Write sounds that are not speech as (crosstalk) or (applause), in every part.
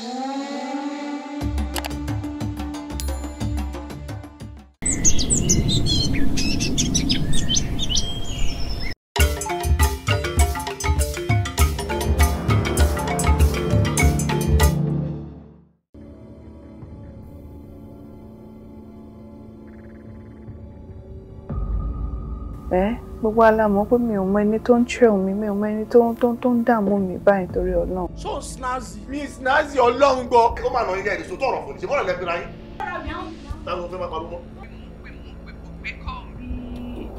Mm-hmm. gbogbo alamọ pé mi ò mọ ẹni tó ń tẹ mi mi ò mọ ẹni tó ń tó ń dààmú mi báyìí torí Ọlọ́run. so snazzy. mi snazzy Ọlọ́run gbọ́. ó máa nà yín ẹ̀rí sòtọ́ ọ̀rọ̀ fún mi ṣe bọ́ọ̀lù lẹ́gbẹ̀rẹ̀ ayé. táwọn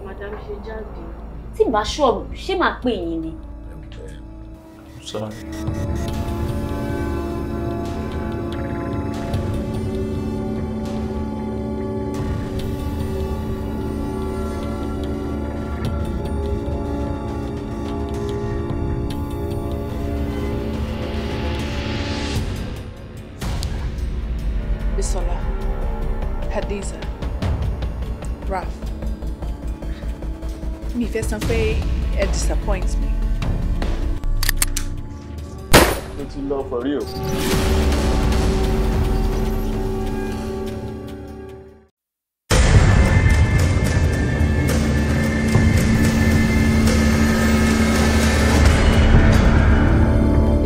madam tí bá ṣọ́ọ̀bù ṣé máa pè yín ni. sọ́ra. you.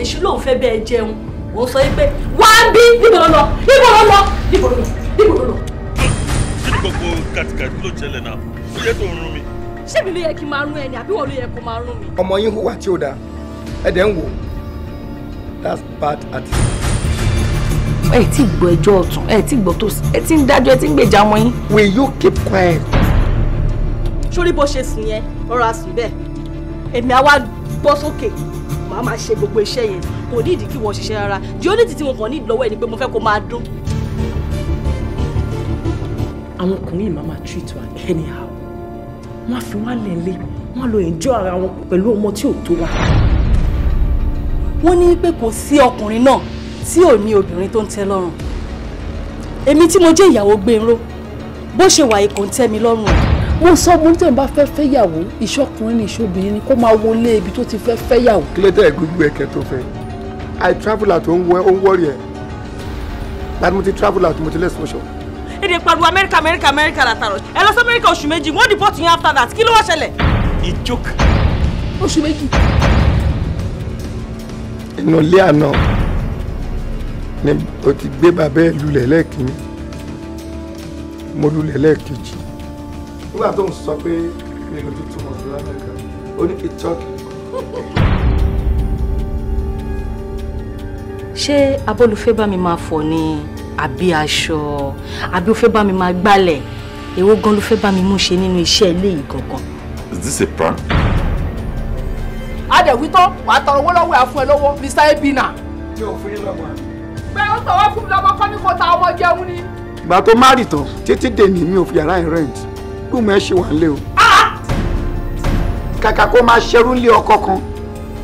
èṣù lòun fẹ́ bẹ́ẹ̀ jẹun òun sọ pé wá bí níbo ló lọ níbo ló lọ níbo ló lọ níbo ló lọ. kí ni gbogbo kàtìkàtì ló ṣẹlẹ̀ náà ó yẹ kó rún mi. ṣé mi ló yẹ kí n máa rún ẹni àbí wọn ló yẹ kó máa rún mi. ọmọ yín hùwà tí ó dáa ẹ dẹ̀ ń wò ó that's bad attitude. ẹ ti gbọ́ ẹjọ́ ọ̀tún ẹ ti gbọ́ tòsí ẹ ti ń dájọ́ ẹ ti ń gbèjà ọmọ yín. will you keep quiet. sórí bó ṣe sùn yẹn rọra sùn bẹ́ẹ̀ èmi àwa gbọ́ sókè màá máa ṣe gbogbo iṣẹ́ yẹn kò ní ìdí kí wọ́n ṣiṣẹ́ rárá di onídìí tí mo kàn ní ìlọ́wọ́ ẹ ni pé mo fẹ́ kó máa dún. àwọn ọkùnrin yìí máa máa treat wa anyhow wọ́n á fi wá lẹ́lẹ́ wọ́n á lọ enjoy ara wọn pẹ̀lú ọmọ tí ò tó wa wọ́n ní pé kò sí ọkùnrin náà tí ò ní obìnrin tó ń tẹ́ lọ́rùn èmi tí mo jẹ́ ìyàwó gbẹ̀rọ bó ṣe wà ikùn tẹ́ mi lọ́rùn ẹ̀. mo sọ mo ní tẹ̀mí bá fẹ́ fẹ́ yàwó ìṣọkùnrin ni ìṣobìnrin kó máa wọlé ibi tó ti fẹ́ fẹ́ yàwó. kí ló dé gbogbo ẹ̀kẹ́ tó fẹ́ i travel out ó ń wọ ó ń wọ́ọ̀rì ẹ̀ láti mo ti travel out mo ti lẹ́sìn oṣù. èdè pariwo amẹ́ríkà amẹ́ríkà amẹ́ríkà látàrọ̀ ẹ lọ sí amẹ́ríkà oṣù méjì wọ́n dìbò tún after that kí ló wá ṣẹlẹ̀. ìjókòó. oṣù méjì inú ilé àná ni o ti gbé bàbá ẹ̀ lulẹ̀ lẹ́ẹ̀kínní mo lulẹ̀ lẹ́ẹ̀kejì nígbà tó ń sọ pé mi ò tuntun mọ̀ sí lamẹ́ríkà ó ní ìtọ́kì. ṣé abọ́lùfẹ́ bá mi máa fọ̀ ni àbí aṣọ àbí ó fẹ́ bá mi máa gbálẹ̀ èwo gan ló fẹ́ bá mi mú ṣe nínú iṣẹ́ ilé yìí gangan. Is this a prank? àdẹ̀wí tán wàá tọrọ owó lọ́wọ́ ẹ̀ fún ẹ lọ́wọ́ Mr Ebina. mi ò fún yín lọ́mọ. bẹ́ẹ̀ ó tọ̀wọ́ fún mi lọ́mọ kọ́ ní kó ta ọmọ jẹun ni. ìgbà tó má rì tán títí dèní mi ò fi yàrá ẹ̀ rent gbùmọ̀ ẹ̀ ṣe wà ń lé o. Ah! kàkà kó máa ṣerú lé ọkọ kan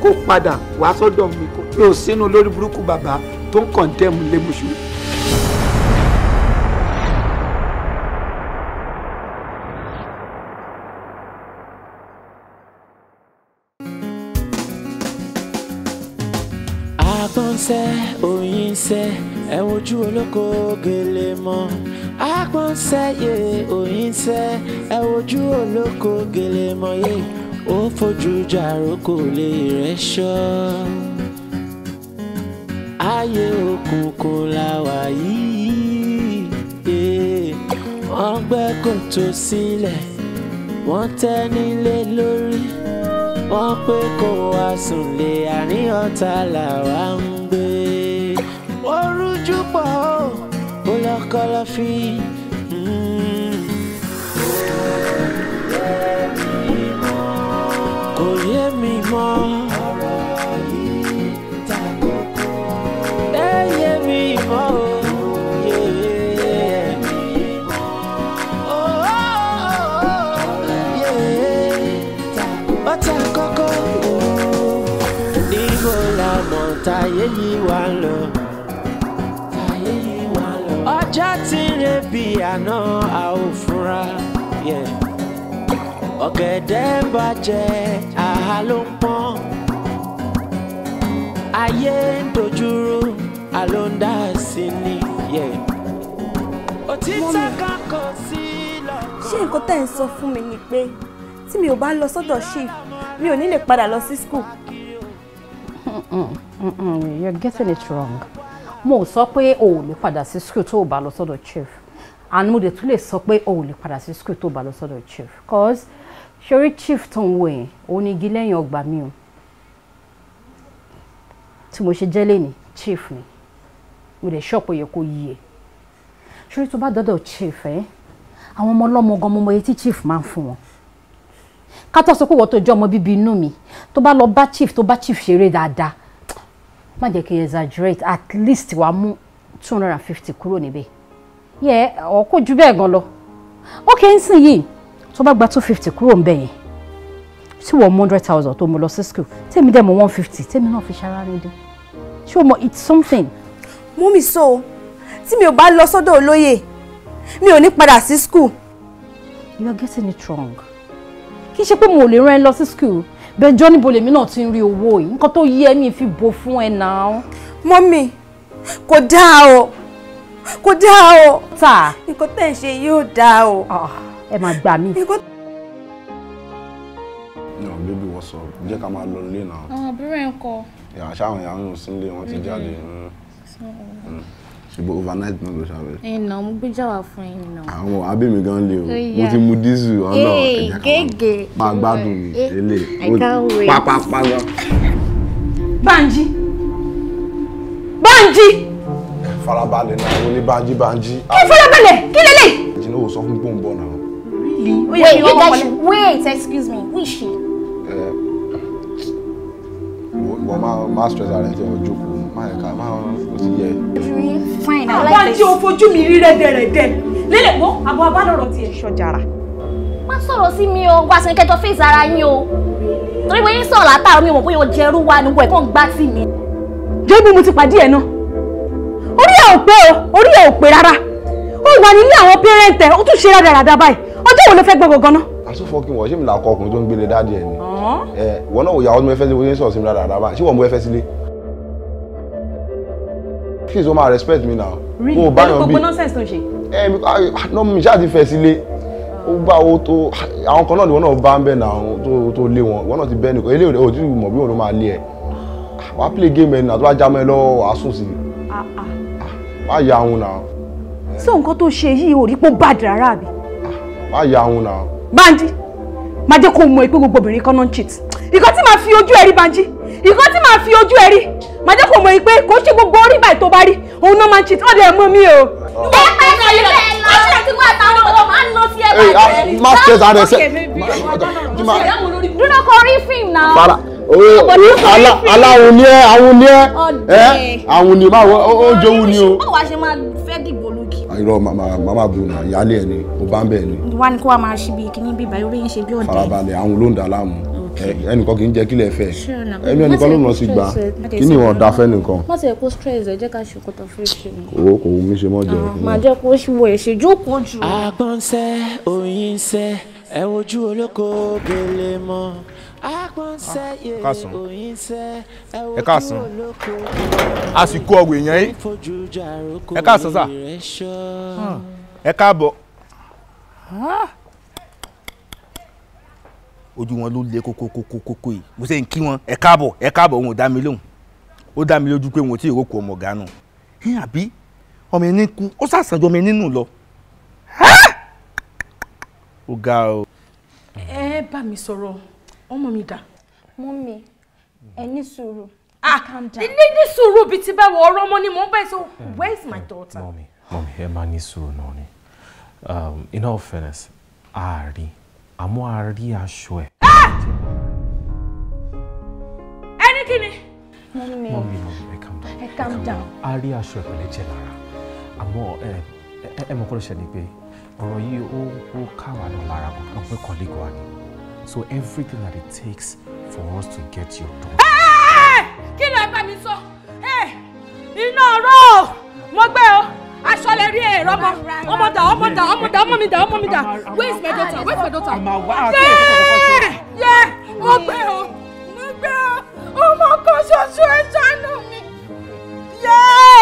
kó padà wàá mi kó sínú lórí burúkú bàbá tó ń kàn dẹ́mu ṣe ẹ wojú olóko gèlè mọ́ ye yé òyìnṣẹ́ ẹ wojú olóko gèlè mọ́ yé ó fojú jàrókò lè rẹ̀ ṣọ́ ayé òkùnkùn làwà yìí wọ́n gbẹ́ kòtò sílẹ̀ wọ́n tẹ́ nílé lórí wọ́n pé kó wá sùn lé àní ọ̀tá làwa ń gbé whoa, Ola Kalafi. Kò yé mi mọ́. Ẹ yé mi mọ́ o. Ọ̀tá kọ́kọ́. Níbo la mọ̀ táyé yìí wá lọ? bí àná a ò fura ọ̀gẹ̀dẹ̀ bàjẹ́ àhá ló ń pọ́n ayé ń dojúrú àló ń dá sí ni. òtítọ́ kan kò sí lọ́kàn. ṣé nǹkan tẹ́ ẹ̀ ń sọ fún mi ni pé tí mi ò bá lọ sọ́dọ̀ chief mi ò ní lè padà you're getting it wrong mo sọ pé o ò lè padà sí school tó o bá lọ sọ́dọ̀ chief and mo dẹ̀ tún lè sọ pé o ò lè padà sí school tó bá lọ sọ́dọ̀ chief cause ṣorí chief tó ń wo yẹn òun ni igi lẹ́yìn ọgbà mi o tí mo ṣe jẹ́ lẹ́ni chief ni mo dẹ̀ ṣọ́ọ̀pù yẹ kó yí ẹ ṣorí tó bá dọ́dọ̀ chief ẹ àwọn ọmọ ọlọ́mọ gan mo mọ iye tí chief máa ń fún wọn ká tó sọ pé wọ́n tó jẹ́ ọmọ bíbí inú mi tó bá lọ bá chief tó bá chief ṣeré dáadáa má jẹ́ kí n exaggerate at least wàá mú two hundred and fifty kúrò níbẹ̀ yẹ ọ kò ju bẹ́ẹ̀ gan lọ ókè nsìn yìí tó bá gba two fifty kúrò ń bẹ̀ yẹn tí wọ́n one hundred thousand tó mo lọ sí school tèmi dẹ̀ mọ one fifty tèmi náà fi ṣara rẹ dé ṣé o mọ it's something. mummy so tí mi ò bá lọ sọ́dọ̀ olóyè mi ò ní padà sí school. you are getting it wrong kì í ṣe pé mo ò lè rán ẹ lọ sí school bẹ́ẹ̀ jọ́ níbo lèmi náà ti ń rí owó yìí nǹkan tó yẹ mi fi bo fún ẹ náà. mọ́mì kò dáa o kò dáa o. ta nǹkan tẹ̀ ń ṣe yóò dáa o. ẹ máa gbà mí. no baby what's up jẹ́ ká máa lọ ilé náà. àwọn àbúrò ẹ̀ ń kọ. yàrá sáwọn yàrá yóò sílé wọn ti jáde. Mm-hmm. Mm. Mm. ṣùgbọ́n overnight náà ló ṣàbẹ̀. ìnà mo gbé jà wá fún yín nà. àwọn abẹ́mi gan le o mo ti mu dísù ọ̀nà ẹ̀jẹ̀ kan gègé máa gbádùn eh, ilé pápápá lọ. Banji Banji farabalẹ̀ náà àwọn ní bánjí bánjí. kí farabalẹ̀ kí lélẹ̀. jìnnà ò sọ fún mi náà. wait you guys wait excuse me who is she. ìwọ máa máa stress ara ẹ jẹ ọjọ́ kù máa yẹ ká máa ó ti yẹ. fine i like this. àwọn àti òfojú mi rí rẹ́dẹ̀rẹ́dẹ̀ lélẹ̀ mọ́ àbọ̀ abálọ̀rọ̀ tiẹ̀ ṣọjàrà. má sọ̀rọ̀ sí mi o wá sí kẹjọ fèsì ara yín o torí pé yín sọ̀rọ̀ látàrọ̀ mi ò mọ̀ bóyá o jẹ́rú wa ni wọ̀ ẹ̀ kàn gbá sí mi. jẹ́bí mo ti pàdé ẹ̀ náà orí ẹ̀ ò pé o orí ẹ̀ ò pé rárá ó wà nílé àwọn pẹ́rẹ́ǹtì ẹ̀ ó tún ṣe rádaràda báyìí ọjọ́ wo ló fẹ́ gbọ́ gangan náà. àtúfọ́kì wọ̀ ṣé mi làkọ ọkùnrin tó ń gbélé dáàdì ẹ̀ ni ẹ wọn náà wò yà ọdún mẹ́fẹ́ sí wọ́n sọ̀rọ̀ sí mi rádaràda báyìí ṣé wọ́n mú ẹfẹ́ sílé. please o máa respect me now. rí i pẹ̀lú gbogbo nonsense tó ń ṣe. ẹ mi ṣáà ti fẹ́ sílé ó bá owó tó àwọn kan náà ni wọn náà bá ń bẹ̀ náà tó lé wọn wọn náà ti bẹ́ẹ̀ nìkan eléyìí ò tí ì mọ̀ bí wọn ló máa lé ẹ̀ wàá play game ẹ̀ nà tó bá já mọ́ ẹ lọ́wọ́ wàá sùn sí i. Ah, ah má ya ahun náà. sọ nǹkan tó ṣe yìí ò rí pé ó bàd rárá àbí. má ya ahun náà. Banji má jẹ́ kó mọ̀ pé gbogbo obìnrin kan náà ń cheat ìkan tí màá fi ojú ẹ̀ rí Banji ìkan tí màá fi ojú ẹ̀ rí má jẹ́ kó mọ̀ pé kò ṣe gbogbo orí báyìí tó bá rí òun náà máa ń cheat ọ̀dẹ̀ mọ́ mi o. ẹ pẹ́ kí ẹ lọ ṣe ti wá àtàwọn ọ̀dọ́ máa ń lọ sí ẹ̀ bá jẹ́ rí. má ṣe é sáré sẹ́. dúró kọ fíìmù náà. Oh, oh, aláwun ni ẹ àwọn ni ẹ ẹ àwọn ni máa ó jowú ni o. báwo a ṣe máa fẹ́ dìbò lókì. irọ́ màmá bu nà ìyáálé ẹ ni mo bá ń bẹ̀ ni. wá ní kó wa máa ṣe bí kíní bí báyìí orí ń ṣe bí ọ̀dẹ́. farabalẹ̀ àwọn ló ń dà láàmú ẹnìkan kì í jẹ́ kílẹ̀ fẹ́ ẹnu ẹnìkan ló nà sí gbà kí ni ìwọ̀n dáfẹ́ nìkan. má ṣe kó stress ẹ jẹ́ ká ṣe kó tó fi ṣe. owó kò mí ṣe mọ́ jẹ. Ah, màá jẹ́ kó wọ ẹ̀ṣẹ̀ jókòó jù. àgbọ̀nsẹ̀ òyìnṣẹ́ ẹ̀ wojú olóko gèlè kásùn ẹ kásùn àsìkò ọ̀wọ̀ èèyàn yìí ẹ hmm. ẹ ojú wọn ló le kókókókókó yìí mo ṣe ń wọn ẹ ẹ ò dá mi pé wọn ò tí ọmọ ẹ àbí ọmọ ẹni kú ó ọmọ ẹni lọ ó ga o. ẹ bá mi sọ̀rọ̀ ọmọ mi dà. mummy ẹ ní sùúrù. ah ní ní sùúrù bíi ti báwo ọ̀rọ̀ ọmọ ni mò ń bẹ̀ so where is my daughter. mummy mummy ẹ máa ní sùúrù náà ni um, in all fairness a rí àmọ́ a rí aṣọ ẹ̀. Ah! ẹni kí ni. mummy mummy ẹ calm down ẹ calm down a rí aṣọ ẹ̀ pẹ̀lẹ́ jẹ́ lára àmọ́ ẹ ẹ mọ̀ kọ́ ló ṣẹlẹ̀ pé ọ̀rọ̀ yìí ó ká wà lọ lára kó pé kọ́lé wa ni. So everything that it takes for us to get your daughter. Hey, kill bá mi so. Hey, ọ̀rọ̀ mo gbẹ́ o. Aṣọ lè rí ẹ̀rọ mọ. Ọmọ dà ọmọ dà ọmọ dà oh mi dà ọmọ mi dà. Where is my daughter? Where is my daughter? Àmà wá àti ẹ̀kọ́ Yẹ́ mo gbẹ́ o. Mo gbẹ́ o. Ọmọ kan ṣoṣo ẹ̀ ṣàánú mi. Yẹ́.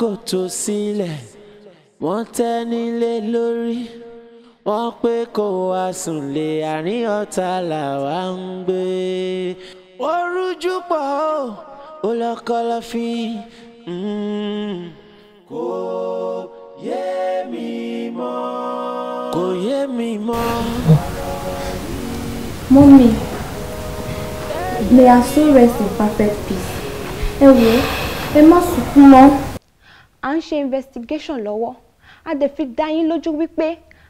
kòtò sílẹ̀ wọ́n tẹ́ nílé lórí wọ́n pé kó wá sùn àárín ọ̀tá làwa ń gbé. wọ́n rújú pọ̀ ó lọ́kọ́ lọ́ fi mm. kò yé mi mọ́. kò yé mi mọ́. mọ́mí they are so rest in perfect peace. ẹ wo ẹ má sunkún mọ́ à ń ṣe investigation lọ́wọ́ a dẹ̀ fi dá yín lójú wípé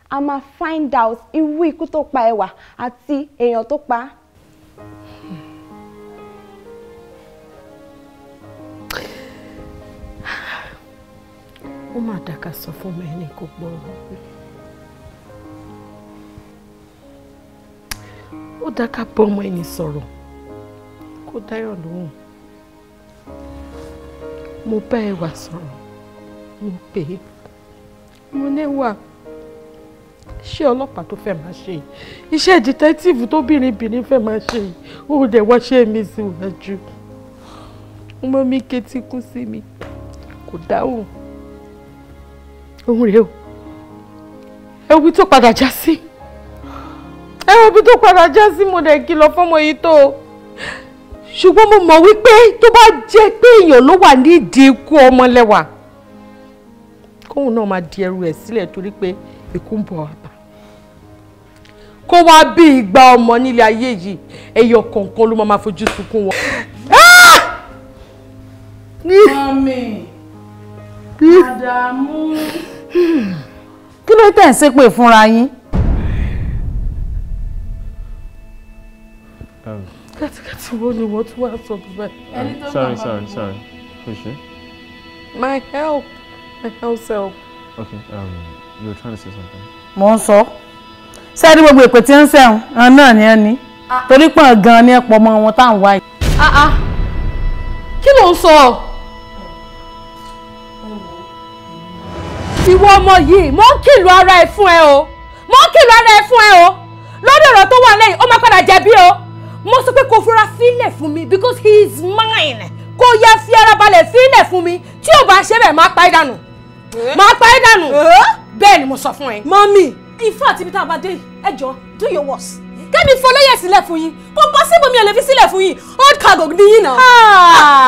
a máa find out irú ikú tó pa ẹwà àti èèyàn tó pa á. ó mà dàka sọ fún mi ẹni kò gbọ́ ó dàka bọ́mọ ẹni sọ̀rọ̀ kó dáyọ̀ lóhùn mo bá ẹwà sọ̀rọ̀ mo pè é mo níwà ṣé ọlọ́pàá tó fẹ́ máa ṣe iṣẹ́ dìtẹ́tìfù tóbìnrinbìnrin fẹ́ máa ṣe ó dẹ̀ wá ṣe mí síwájú ọmọ mi ketí kú sí mi kò dáhùn òun rèé o ẹ wo bí tó padà já sí ẹ wo bí tó padà já sí mo dẹ̀ kìlọ̀ fọ́mọ yìí tó o ṣùgbọ́n mo mọ̀ wípé tó bá jẹ́ pé èèyàn ló wà nídìí ikú ọmọlẹ́wà kóun náà máa di ẹrù ẹ̀ sílẹ̀ torí pé ikú ń bọ̀ àbá kó wá bí igba ọmọ nílé ayé yìí ẹyọ kọ̀ọ̀kan ló máa fojú sunkún wọn. Ah! mami àdàmú. kí ló tẹ̀ ń ṣépè fúnra yín. Um. kàtìkàtì wo ni wọ́n tún wá sọ bíbẹ̀. sorry sorry sorry kò ṣe. my help. How's (laughs) help? Okay, um, you were trying to say something. Mo ń sọ. Ṣé ẹni gbogbo èpè tí ń sẹ̀hún? Àwọn náà ni ẹ ní. Ah. Torí pọ̀ gan-an ni ẹ pọ̀ mọ́ wọn tá à ń wá yìí. Ah, ah. kí ló ń sọ? Ìwọ ọmọ yìí, mo ń kìlọ̀ ara ẹ fún ẹ o. Mo ń kìlọ̀ ara ẹ fún ẹ o. Lórí ọ̀rọ̀ tó wà lẹ́yìn, ó máa padà jẹ̀bi o. Mo sọ pé kò fura sílẹ̀ fún mi because he is mine. Kò yẹ fi ara balẹ̀ sílẹ̀ fún mi. Tí ò bá ṣe bẹ́ẹ̀, máa pa ìdànù. Eh? máa pa ẹ́ dànù eh? bẹ́ẹ̀ ni mo sọ fún ẹ. mọ́mì. ìfọ́ àti ibi tá a bá dé do your worst. kẹ́mi fọlọ́yẹ sílẹ̀ fún yín kò bọ́ síbò mi ò lè fi sílẹ̀ fún yín old cargo ni yín náà.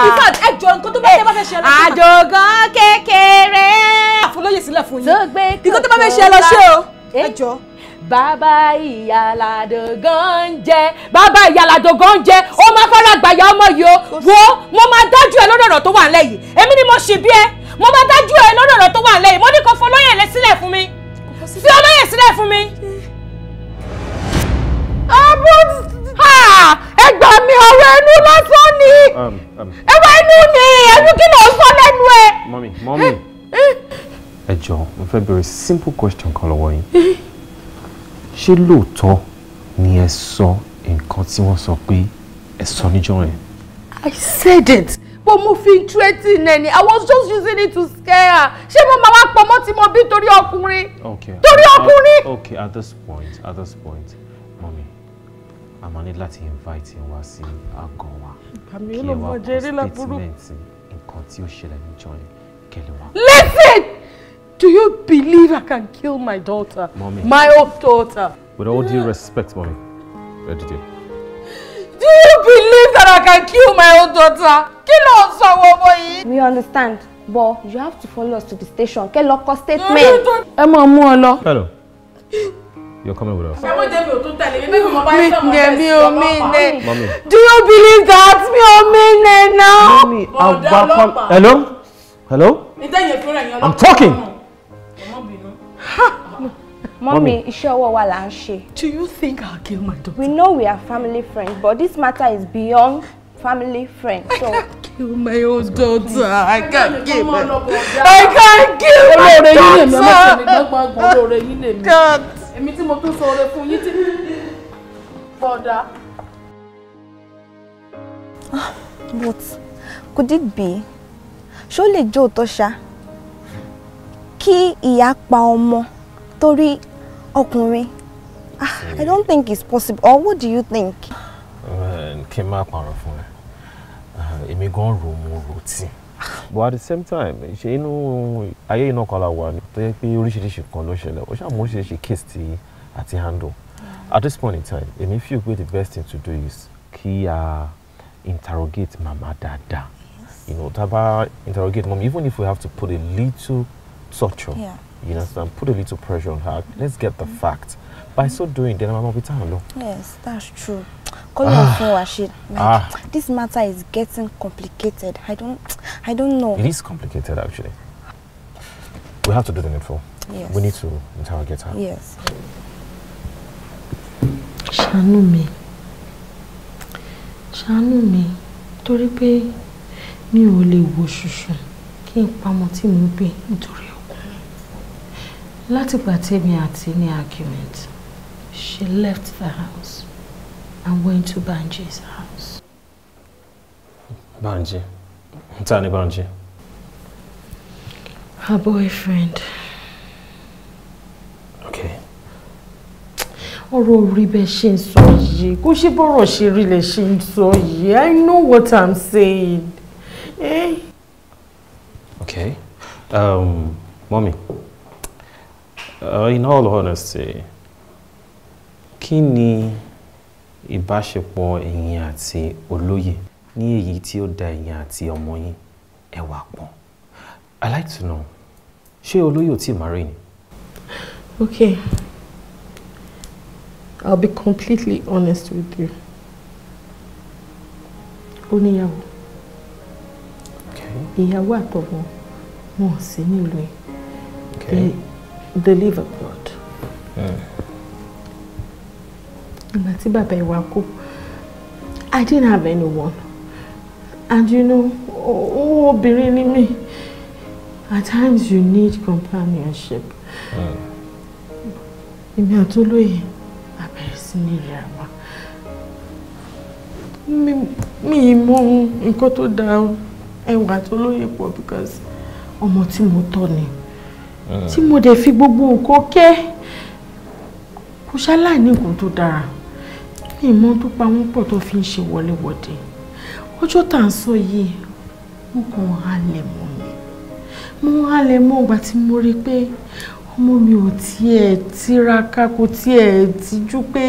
ìfọ́ ah! ẹ jọ to tó bá tẹ́ eh, bá fẹ́ ṣe ẹ lọ sí. àjọgán kékeré. àfọlọ́yẹ sílẹ̀ to yín. nǹkan tó bá fẹ́ ṣe ẹ lọ Baba o. ẹ jọ bàbá ìyàládògán jẹ bàbá ìyàládògán jẹ ó máa fara gbàyà ọmọ yìí o wo mo máa dájú ẹ lórí ọ̀rọ̀ tó wà nílẹ̀ yìí èmi ni mo ṣì bí ẹ mo máa dájú ẹ lórí ọ̀rọ̀ tó wà lẹ́yìn mo ní kó fọlọ́yẹ̀ lẹ sílẹ̀ fún mi fi ọlọ́yẹ̀ sílẹ̀ fún mi. àbú ẹ gbà mí ọ̀rọ̀ ẹnu lásán ni ẹwà um, um. ẹnu ni ẹnu kí ló ń sọ lẹ́nu ẹ. mọ́mí mọ́mí ẹ jọ̀ọ́ mo fẹ́ bẹ̀rẹ̀ simple question kan lọ́wọ́ yín ṣé lóòótọ́ ni ẹ sọ nǹkan tí wọ́n sọ pé ẹ sọ níjọ́ yẹn. I said it but mo fi threatening i was just using it to scare her ṣé mo máa wá pọmọ́ tí mo bí torí ọkùnrin torí ọkùnrin. okay at this point at this point mọ́mi a máa ní invite yín wá sí àgọ́ wa kí ẹ wá kọ statement nǹkan tí ó ṣẹlẹ̀ níjọ́ yẹn kẹlẹ̀ wá. listen do you believe i can kill my daughter mommy. my own daughter. with all due respect mommy ẹ dìde. do you believe believe that I can kill my own daughter? kill ló ń sọ wo We understand, but you have to follow us to the station. Get lọ kọ statement. Ẹ máa Hello. You're coming with us. Do you believe that? Mi ò mean now. Mommy, I'll, Hello? Hello? I'm talking. Mommy, iṣẹ́ ọwọ́ wa là ń ṣe. Do you think I'll kill my daughter? We know we are family friends, but this matter is beyond family friends. So I can't kill my own daughter. I can't kill my. I can't kill my daughter. God. Èmi tí mo tún sọ ọ̀rẹ́ fún yín tí ah, could it be? Ṣó lè jó òótọ́ ṣá? Kí Tori ọkùnrin ah, i hmm. don't think it's possible or what do you think. kí n má parọ́ fún ẹ ah, èmi gan rò mo rò tí. but at the same time ṣe inú ayé iná kan la wà ní tó yẹ pé oríṣiríṣi kan ló ṣẹlẹ̀ ó ṣàmú oríṣiríṣi case ti àti handle hmm. at this point in time èmi feel pé the best thing to do is kí a interrogate mama dáadáa you know tá interrogate mom even if we have to put a little torture. Yeah. You understand? Put a little pressure on her. Let's get the facts. By so doing, then I'm be time. Yes, that's true. Calling ah. phone Rashid, like, ah. this matter is getting complicated. I don't, I don't know. It is complicated, actually. We have to do the info. Yes. We need to interrogate her. Yes. Shanumi, Shanumi, Toripe, mi. ole pé mi ò lè wo ṣùṣù kí n pamọ́ tí mo látìgbà tèmi àti ní argument she left the house and went to Banji's house. Banji ta ni Banji. her boyfriend. okay. ọ̀rọ̀ orí bẹ́ẹ̀ ṣe ń sọ yìí kó ṣe bọ́rọ̀ ṣe rí lẹ̀ ṣe ń sọ yìí I know what I'm saying. Eh? okay um, mommy. Uh, in all honesty, kí ni ìbáṣepọ̀ ẹ̀yin àti olóyè ní èyí tí ó da ẹ̀yin àti ọmọ yín ẹ pọ̀? I like to know, ṣé olóyè ò tí ì ni? Okay, I'll be completely honest with you. Ó níyàwó. Ìyàwó àtọ̀gbọ́n wọn ò sí nílùú ẹ̀ they live abroad. Hmm. ìgbà tí bàbá ìwà kú I didn't have anyone and you know oh, obìnrin ni mí at times you need companionship. Hmm. èmi àtolóye àbẹ̀rẹ̀ sí ní ìrẹ̀ àwa mi mọ nǹkan tó dáa ẹwà àtolóye pọ̀ because ọmọ tí mo tọ́ Mm. tí mo dẹ̀ fi gbogbo nǹkan kẹ́ kò ṣáláì nǹkan tó dára ní ìmọ̀ tó pa wọ́n pọ̀ tó fi ń ṣe wọléwọ̀de ọjọ́ tá ń sọ yìí mo kàn halẹ̀ mọ́ mi mo halẹ̀ mọ́ ìgbà tí mo rí pé ọmọ mi ò tiẹ̀ tiraka kò tiẹ̀ tijú pé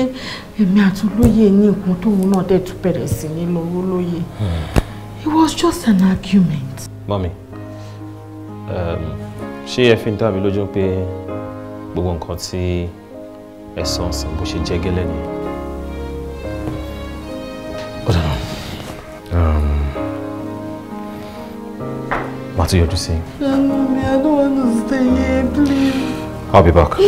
èmi àti olóyè ní nǹkan tóun náà dẹ̀ tún bẹ̀rẹ̀ sí ní lọ́wọ́ lóye mm. it was just an argument. mami um, ṣé ẹ fi ń dàbí lójú pé gbogbo nǹkan tí ẹ sọ ọ̀sán bó ṣe jẹ́ gẹ́lẹ́ ni. ó um, tún yọjú sí. I don't want to stay here, please. I'll be back. I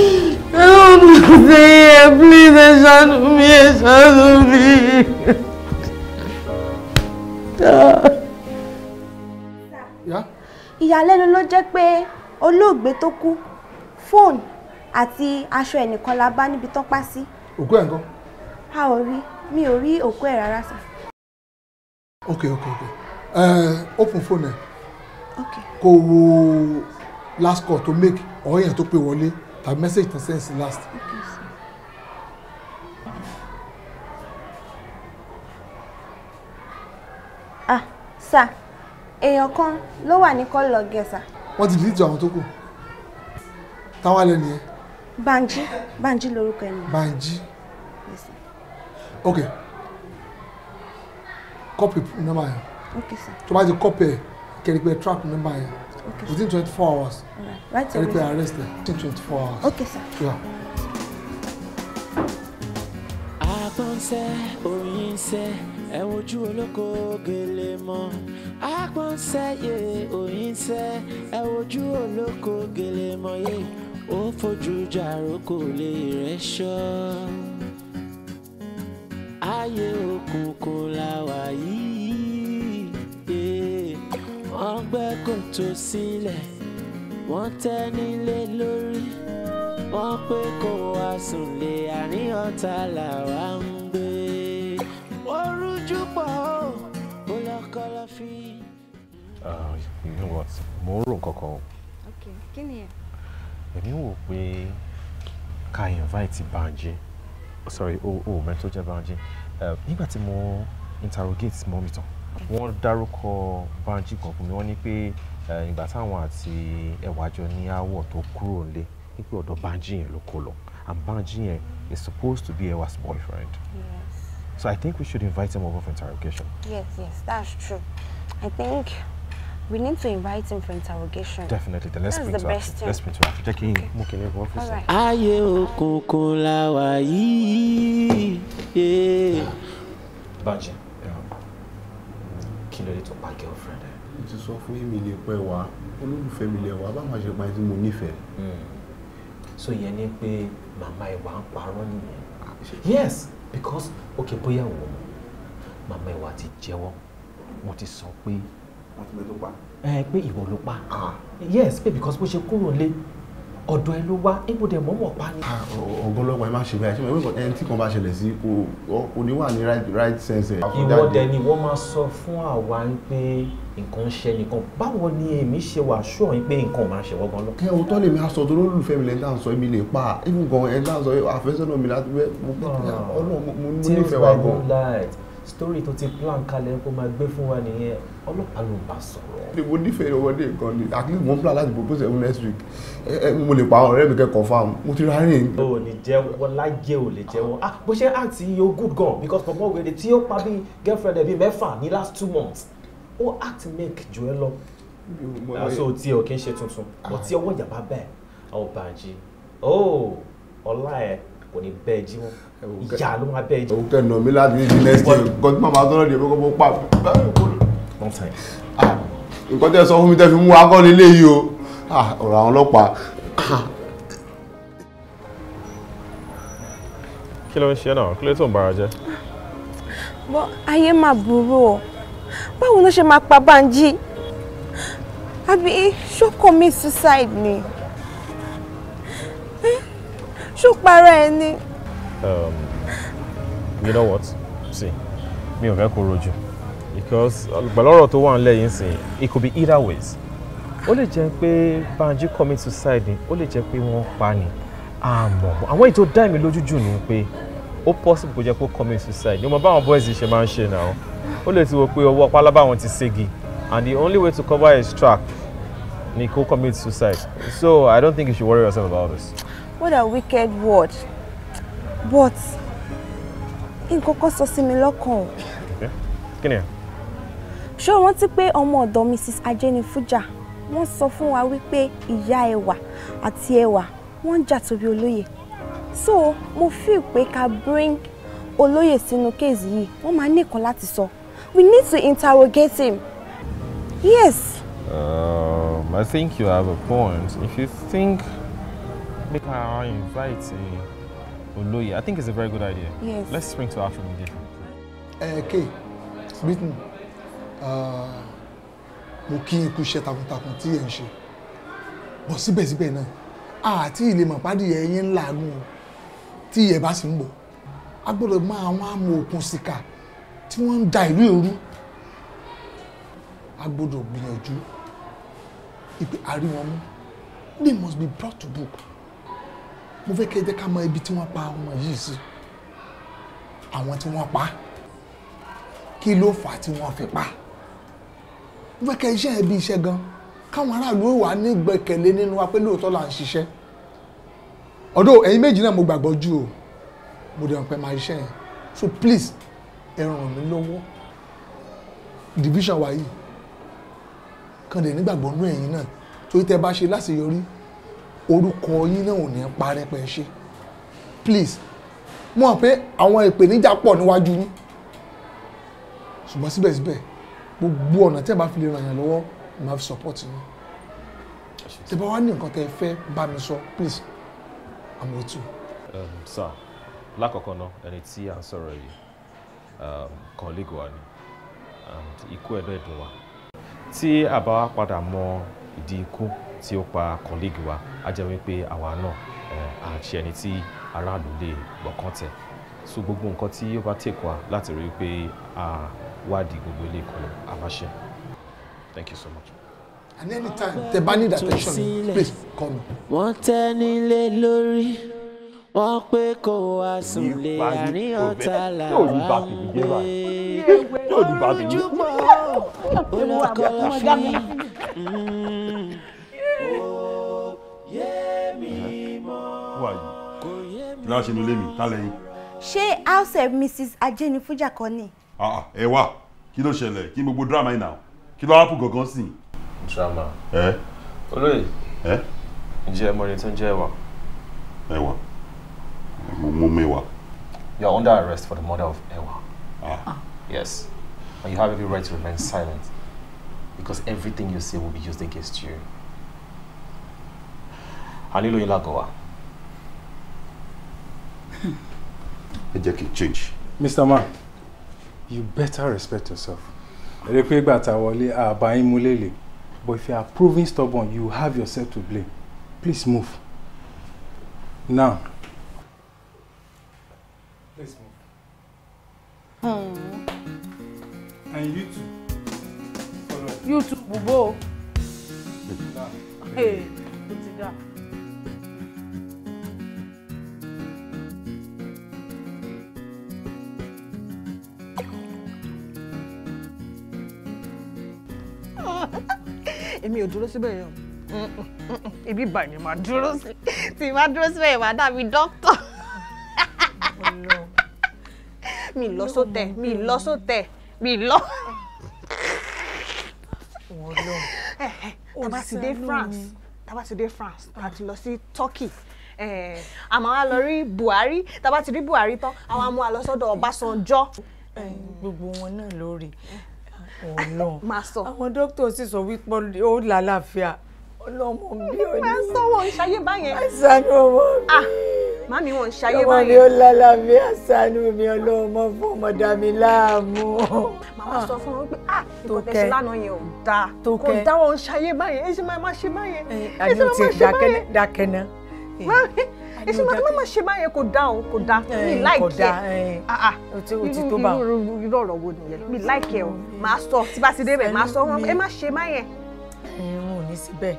don't want to stay here, please. ẹ ṣàánú mi ẹ ṣàánú mi. Ah. ìyàlẹ́nu ló jẹ́ pé olóògbé tó kú fóònù àti aṣọ ẹnìkan la bá níbi tán pa sí. òkú ẹ̀ ń kọ́. a ò rí mi ò rí òkú ẹ̀ rárá sà. ok ok ok uh, open phone ẹ okay. kó wo last call to make ọ̀ọ́yàn tó pé wọlé tàbí message to send sí last. ah sir èèyàn kan ló wà ní kọ́ lọ́gẹ̀ wọ́n ti dìlítì àwọn tó kù táwa lẹ́nu yẹn. Banji Banji lorúkọ ẹni. Banji ok copy number. yẹn tó bá ti copy ẹ kẹrìpẹ track number? yẹn within twenty four hours kẹrìpẹ arrest ẹ within twenty four hours. ok sir. Yeah. Akọ́nsẹ́ orin ẹ wojú olóko gèlè mọ́ àpọ́nsẹ́yẹ òyìnsẹ́ ẹ wojú olóko gèlè mọ́ yé ó fojú jàrókò lè rẹ̀ ṣọ́ ayé òkùnkùn làwà yìí wọ́n gbẹ́ kòtò sílẹ̀ wọ́n tẹ́ nílé lórí wọ́n pé kó wá sùn lé àní ọ̀tá làwa ń gbé dojú pọ̀ ó lọ kọ́lọ́ fi. Ah, you know what mo ń rò kankan o. ok kí ni ẹ. èmi wò pé ká invite Banji oh, sorry o o mẹ́tò jẹ́ Banji eh, nígbà tí mo interrogate mọ́mí tán wọ́n dárúkọ Banji kan fún mi wọ́n ní pé eh, ìgbà táwọn àti ẹwà jọ ní àwọ̀ tó kúrò nílé wípé ọ̀dọ̀ Banji yẹn ló kó lọ and Banji yẹn is supposed to be ẹwà's boyfriend. Yeah. So I think we should invite him over for interrogation. Yes, yes, that's true. I think we need to invite him for interrogation. Definitely, then let's that's bring the to best Let's bring to Afi. Jẹ́ kí n mú kí n lè wọ́n fún sí. Ayé òkùnkùn la wà um, girlfriend It is so sọ fún mi lè pẹ́ wá, familiar. mi lè wá, báwọn àṣẹ hmm. So you ni pé màmá ìwà ń parọ́ nìyẹn. Ah, yes because okay bóyá wò ó màmá ẹ̀ wá ti jẹ́wọ́ wọ́n ti sọ pé. wọ́n ti mẹ́tò pa. ẹ pé ìwọ ló pa ah. yes pé because bó ṣe kúrò lé ọ̀dọ̀ ẹ ló wá ibo dẹ̀ mọ́mọ́ pa ni. Ah, ọgọlọgọ ẹ má ṣe báyìí ṣùgbọ́n ẹni tí kan bá ṣẹlẹ̀ sí kò ní wà ní right sense. ìwọ dẹ̀ ni wọ́n máa sọ fún àwa pé nǹkan ṣe nìkan báwo ni èmi ṣe wà ṣọ́ yín pé nǹkan máa ṣe wọ́gán lọ. kẹ́hìn tó lè mi aṣọ tó lólùfẹ́ mi lè dá sọ mi lè pa even gan ẹ dá sọ àfẹ́sọ́nà mi láti wẹ́ mo pé ah, ọlọ́run mo nífẹ̀ẹ́ wa gan story tó ti plan kalẹ̀ kó máa gbé fún wa nìyẹn ọlọ́pàá ló bá sọ̀rọ̀. mo nífẹ̀ẹ́ ọmọdé kan ni at least mo ń plan láti propose ẹ̀hún next week mo lè pa àwọn ọ̀rẹ́ mi kẹ́kọ̀ọ́ fáwọn mo ti rárẹ̀. o ní jẹ́wọ́ láyé ò lè jẹ́wọ́ ah, bó ṣe act yìí good gan because for more wey dey tí ó pa bí girlfriend ẹ̀ bíi mẹ́fà ní last two months ó act make jù ẹ lọ aṣọ ah, tí ò kí ń ṣe tuntun ọtí ah. ọwọ́ ìjàmbá bẹ́ẹ̀ ọ̀ bàjẹ́ oh ọlá ẹ̀ kò ní bẹ́ẹ̀ jí wọn ìyá ló máa bẹ́ẹ̀ jí. òkè nà mí láti ní di next year nǹkan tí màmá tó lọ́dún yẹn kó pa ah, nǹkan tí ẹ sọ fún mi tẹ́ fi mú wa kọ́ nílé yìí o ọ̀rọ̀ àwọn ọlọ́pàá. kí ló ń ṣe náà kí ló tó ń bára jẹ́. ayé máa burú o báwo ló ṣe máa pa Bánjí àbí ṣó commit suicide ni ṣó para ẹ ni. Um, you know what see mi ò fẹ́ kó rojú because ọ̀rọ̀ tó wà nílẹ̀ yìí sìn it could be either ways ó lè jẹ́ pé Bánjí commit suicide ni ó lè jẹ́ pé wọ́n pa ni àmọ́ àwọn ètò dá mi lójú jù ni pé ó possible kó jẹ́ kó commit suicide ni mo bá àwọn boys yìí ṣe máa ń ṣe náà ó lè ti wò pé ọwọ́ pálábá wọn ti ségi and the only way to cover his track ni kó commit suicide so I don't think you should worry yourself about this. what a wicked word but nǹkan kan sọ sí mi lọ́kàn. kí ni ẹ. ṣé o rántí pé ọmọ ọ̀dọ̀ Mrs. Ajenifuja wọ́n sọ fún wa wípé ìyá ẹwà àti ẹwà wọ́n ń jà tóbi olóyè so mo feel pé ká bring olóyè sínú kéèzì yìí wọ́n máa ní nǹkan láti sọ. So We need to interrogate him. Yes. Um, I think you have a point. If you think we can invite uh, Oloye, I think it's a very good idea. Yes. Let's spring to action immediately. Eh, okay, written. Uh, mo kí n kú iṣẹ́ takuntakun tí ẹ̀ ń ṣe bọ̀ síbẹ̀síbẹ̀ náà àti ilé mọ̀pádì ẹ̀yìn ńlá nù tí ẹ̀ bá sì ń bọ̀ a gbọ́dọ̀ máa wọn á òkun síkà tí wọ́n ń da ìlú ìrú a gbọ́dọ̀ gbìyànjú ìpè àrí wọn mú they must be brought to book mo fẹ́ kẹ́ ẹ jẹ́ ká mọ ibi tí wọ́n pa ọmọ yìí sí àwọn tí wọ́n pa kí ló fà á tí wọ́n fi pa mo fẹ́ kẹ́ iṣẹ́ ẹ bí iṣẹ́ gan káwọn aráàlú wà ní gbẹ́kẹ̀lé nínú wa pé lóòótọ́ là ń ṣiṣẹ́ ọ̀dọ̀ ẹ̀yin méjì náà mo gbàgbọ́ jù o mo dẹ̀ ń pẹ́ máa ṣiṣẹ́ yẹn so please ẹ ràn mí lọ́wọ́ division wa yìí kàn dẹ̀ nígbàgbọ́ nú ẹ̀yin náà torí tẹ́ bá ṣe láṣeyọrí orúkọ yín náà ò ní parẹ́ pẹ́ ṣe please mo pé àwọn ìpèníjà pọ̀ níwájú yín ṣùgbọ́n síbẹ̀síbẹ̀ gbogbo ọ̀nà tẹ́ bá fi lè ràn yàn lọ́wọ́ máa fi support yín tẹ́ bá wá ní nǹkan tẹ́ fẹ́ bá mi sọ please i'm with you. Um, sir lákọ̀ọ́kọ́ náà ẹni tí à ń sọ̀rọ̀ yìí Um, colleague wa and ikú ẹ̀dọ́ ìdùn wa tí a bá padà mọ ìdí ikú tí ó pa colleague wa á jẹ́ wípé àwa náà àṣẹ um, ẹni tí aráàlú lè gbọ́kàn tẹ̀ so gbogbo nǹkan tí ó bá tèkọ́ a láti rí i pé a wádìí gbogbo ilé ìkọlù àbáṣe thank you so much. and anytime tẹ bá need attention please come. wọ́n tẹ́ nílé lórí wọ́n pé kó wá sùnlé àríyàn ta là wá ń gbé ojúbọ olóko fi yé mi mọ́ kò yé mi. láwọn ṣe ní ilé mi tá lẹ́yìn. ṣé house of mrs ajenifuja kọ́ ni. Ah, ah, ẹ wá kí ló ṣẹlẹ̀ kí gbogbo drama yìí náà kí ló hápù gangan sí. drama olóyè ǹjẹ́ ẹ mọ ẹni tó ń jẹ́ ẹwà. ẹwà mo you are under arrest for the murder of Ewa. Ah. ah. yes and you have every right to remain silent because everything you say will be used against you. a nílò yín lágọ̀ọ́ wa. ẹ jẹ́ change. Mr. Man you better respect yourself. èrè pé ìgbà tá a wọlé àbá yín but if you are proving stubborn you have yourself to blame please move now Hmm. And you too. You too, Bubo. Hey, put it down. Emi, ò dúró síbẹ̀ yẹn o ibi ìbàdàn máa dúró sí tí máa dúró síbẹ̀ yẹn máa dàbí dókítà. mi lọ sótẹ̀ mi lọ sótẹ̀ mi lọ. Eh, eh, tá bá ti dé France tá bá ti dé France tá ti lọ sí Turkey àmọ́ eh, wa lọ rí Buhari tá bá ti rí Buhari tán àwọn amú alọ́sọ́dọ̀ Ọbásanjọ́. gbogbo wọn náà lórí (laughs) Ọlọ́run àwọn dókítà sì sọ wípé ó lálàáfíà ọlọmọ bí ọ ní. máa ń sọ wọn ìṣayé báyẹn. àìsàn ọmọ mi. Ah, mami wọn ń ṣayé báyìí. ọmọ mi ó lálàbí àṣàánú mi ọlọ́run mọ́ fún ọmọdé mi láàmú. màmá ah. sọ fún wọn pé ah ìkọ̀tẹ̀sí lánàá yẹn ò dáa kò dá wọn ń ṣayé báyìí èsì máa máa ṣe báyẹn èsì eh, máa máa ṣe báyẹn. dákẹ́nà eh, èsì máa máa ṣe báyẹn kò dá o kò dá eh, mi láìkí ẹ òtí ah, ah. tó bá irú ọ̀rọ̀ wo nìyẹn mi láìkí ẹ o màá sọ tí bá ti débẹ̀ màá sọ ẹ má ṣe báyẹn. ẹ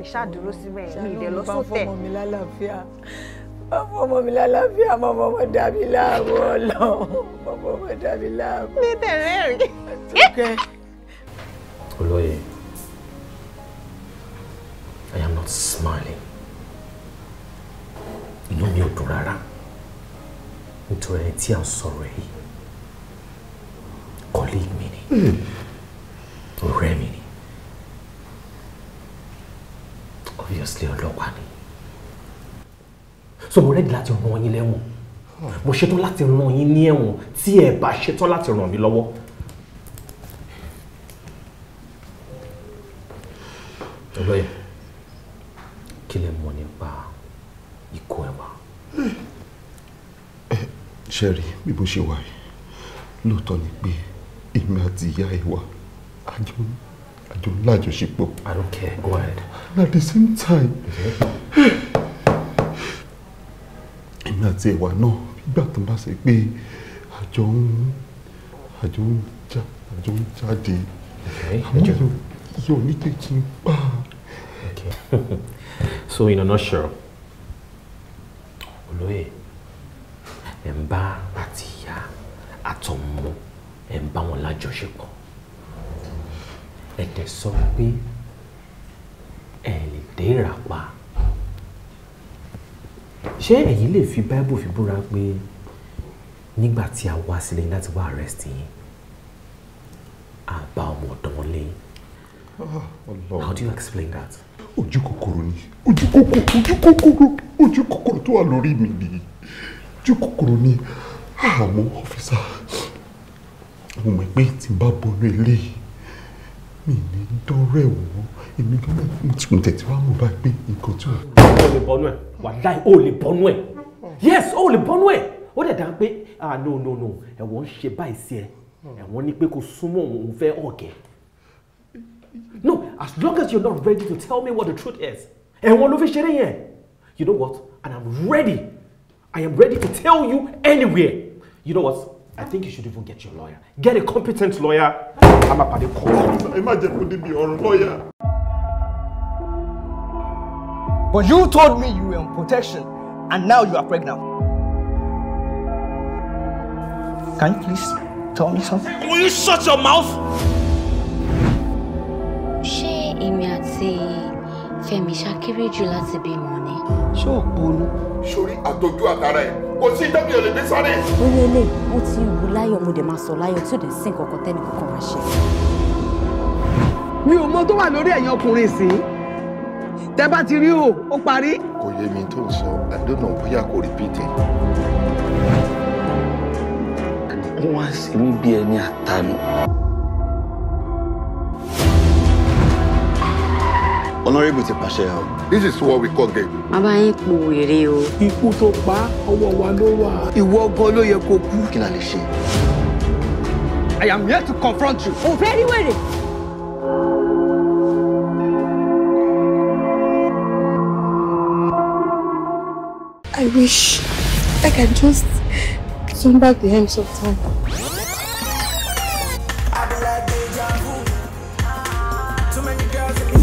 mi ṣàdúró síbẹ̀ mi ìdẹ̀ lọ sótẹ̀. ọmọ mi lálàáfíà ọmọ mi lálàáfíà ọmọ ọmọ dàbí ọmọ ọmọ dàbí láàbù. mi tẹ̀lé rí. olóye I am not smiling inú mi ò dùn rárá nítorí ẹni tí à ń sọ̀rọ̀ yìí colleague mi ni hmm. ọ̀rẹ́ mi ni. obviously ọlọ́pàá ni so mo rẹ́dí láti ràn yín lẹ́wọ̀n mo ṣetán láti ràn yín ní ẹ̀wọ̀n tí ẹ bá ṣetán láti ràn mí lọ́wọ́. olóyè kí lè mọ̀ nípa ikú ẹ wá. ṣẹ́rí bí mo ṣe wà yìí lóòótọ́ ni pé èmi àti ìyá ẹ wà á jọ àjọ lájọṣepọ̀. I don't care. Go ahead. And at the same time mm-hmm. èmi àti ẹ̀wà náà nígbà tó bá ṣe pé àjọ ń àjọ ń já àjọ ń jáde àmọ́ yóò ní kejì ń pa. (laughs) So in a nutshell olóyè ẹ̀ ń bá àti ìyá àtọ̀mọ́ ẹ̀ ń bá wọn lájọṣepọ̀ ẹ̀dẹ̀ sọ pé ẹ lè dé ìràpá ṣé ẹ̀yin lè fi bible fi búra pé nígbà tí a wá sílé láti wá arrest yín a bá ọmọ ọ̀dọ́ wọn lé ah, how do you explain that. ojú kòkòrò ni ojú kòkòrò ojú kòkòrò ojú kòkòrò tó wà lórí mi nìyí ojú kòkòrò ni ah, àmọ́ ọ́fíìsà mo mọ̀ pé tí n bá bọ́nú eléyìí mi ní dọ́rẹ́ wò èmi gan mo tẹ̀tí wá mọ̀ báyìí pé nǹkan tí o. o lè bọ́nú ẹ̀ wàláì o lè bọ́nú ẹ̀ yes o lè bọ́nú ẹ̀ ó dẹ̀ dáa pé ah no no no ẹ̀wọ̀n ń ṣe báyìí sí ẹ ẹ̀wọ̀n ní pé kò súnmọ́ òun fẹ́ ọ̀gẹ̀ no as long as you're not ready to tell me what the truth is ẹ̀wọ̀n ló fi ṣeré yẹn you know what and i'm ready i am ready to tell you anywhere you know what I think you should even get your lawyer. Get a competent lawyer. I'm a party call. Imagine could it be your lawyer? But you told me you were on protection and now you are pregnant. Can you please tell me something? Will you shut your mouth? She imiati femi shakiri ṣakéré jù láti bímọ ṣó òponu. sori àtọjú àtàrà ẹ kò sí ìjọba ìyọlẹ bí sáré. lórí ilé mo ti wù láyọ̀ mo dẹ̀ máa sọ láyọ̀ tí ò dẹ̀ sí nǹkan kan tẹ́nì kankan máa ṣe. mi ò mọ tó wà lórí ẹ̀yìn ọkùnrin sí tẹ bá ti rí o ó parí. kò yé mi tó ń sọ àdónà bóyá kò rí pété. wọ́n á sì mí bí ẹni àtànù. ọ̀nàrẹ́bù ti pàṣẹ o. Um, this is what we call game. bàbá yín po wèrè o. ikú tó pa ọwọ́ wa ló wà. ìwọ gan ló yẹ kó kú. kí la lè ṣe. I am here to confront you. ò fẹ́ rí wèrè. I wish I can just turn back the hands of time.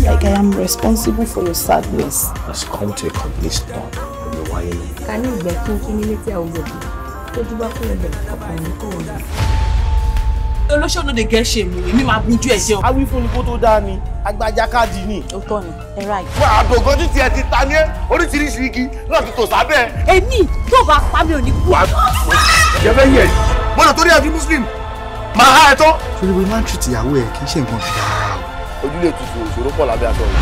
Like I am responsible for your sadness. Has come to a complete stop. Can you ní ìgbẹ́ kínkín nílé tí a ò gbòdì. Tójú bá kúrò dẹ̀ ọkàn mi kò wọlé. Olóṣèlú lè gẹ́ ṣe mú mi máa bójú ẹ̀ jẹun. Awí fún ni kó tó dá ni, agbájá káàdì ni. Ó tọ́ ni, ẹ ra yìí. Wà á dògán tí tiẹ̀ e ti ta ní ẹ́, e, oríṣiríṣi igi náà ti tò sábẹ́. Èmi tó bá pa mi ò ní kú. Ìjẹ́ fẹ́ yẹ̀ Muslim, My heart. ẹ tán. Ṣé ibi máa ń tù tìyàwó ẹ̀ kì ojúlé tutù òṣòro pọ̀ lábẹ́ aṣọ rẹ̀.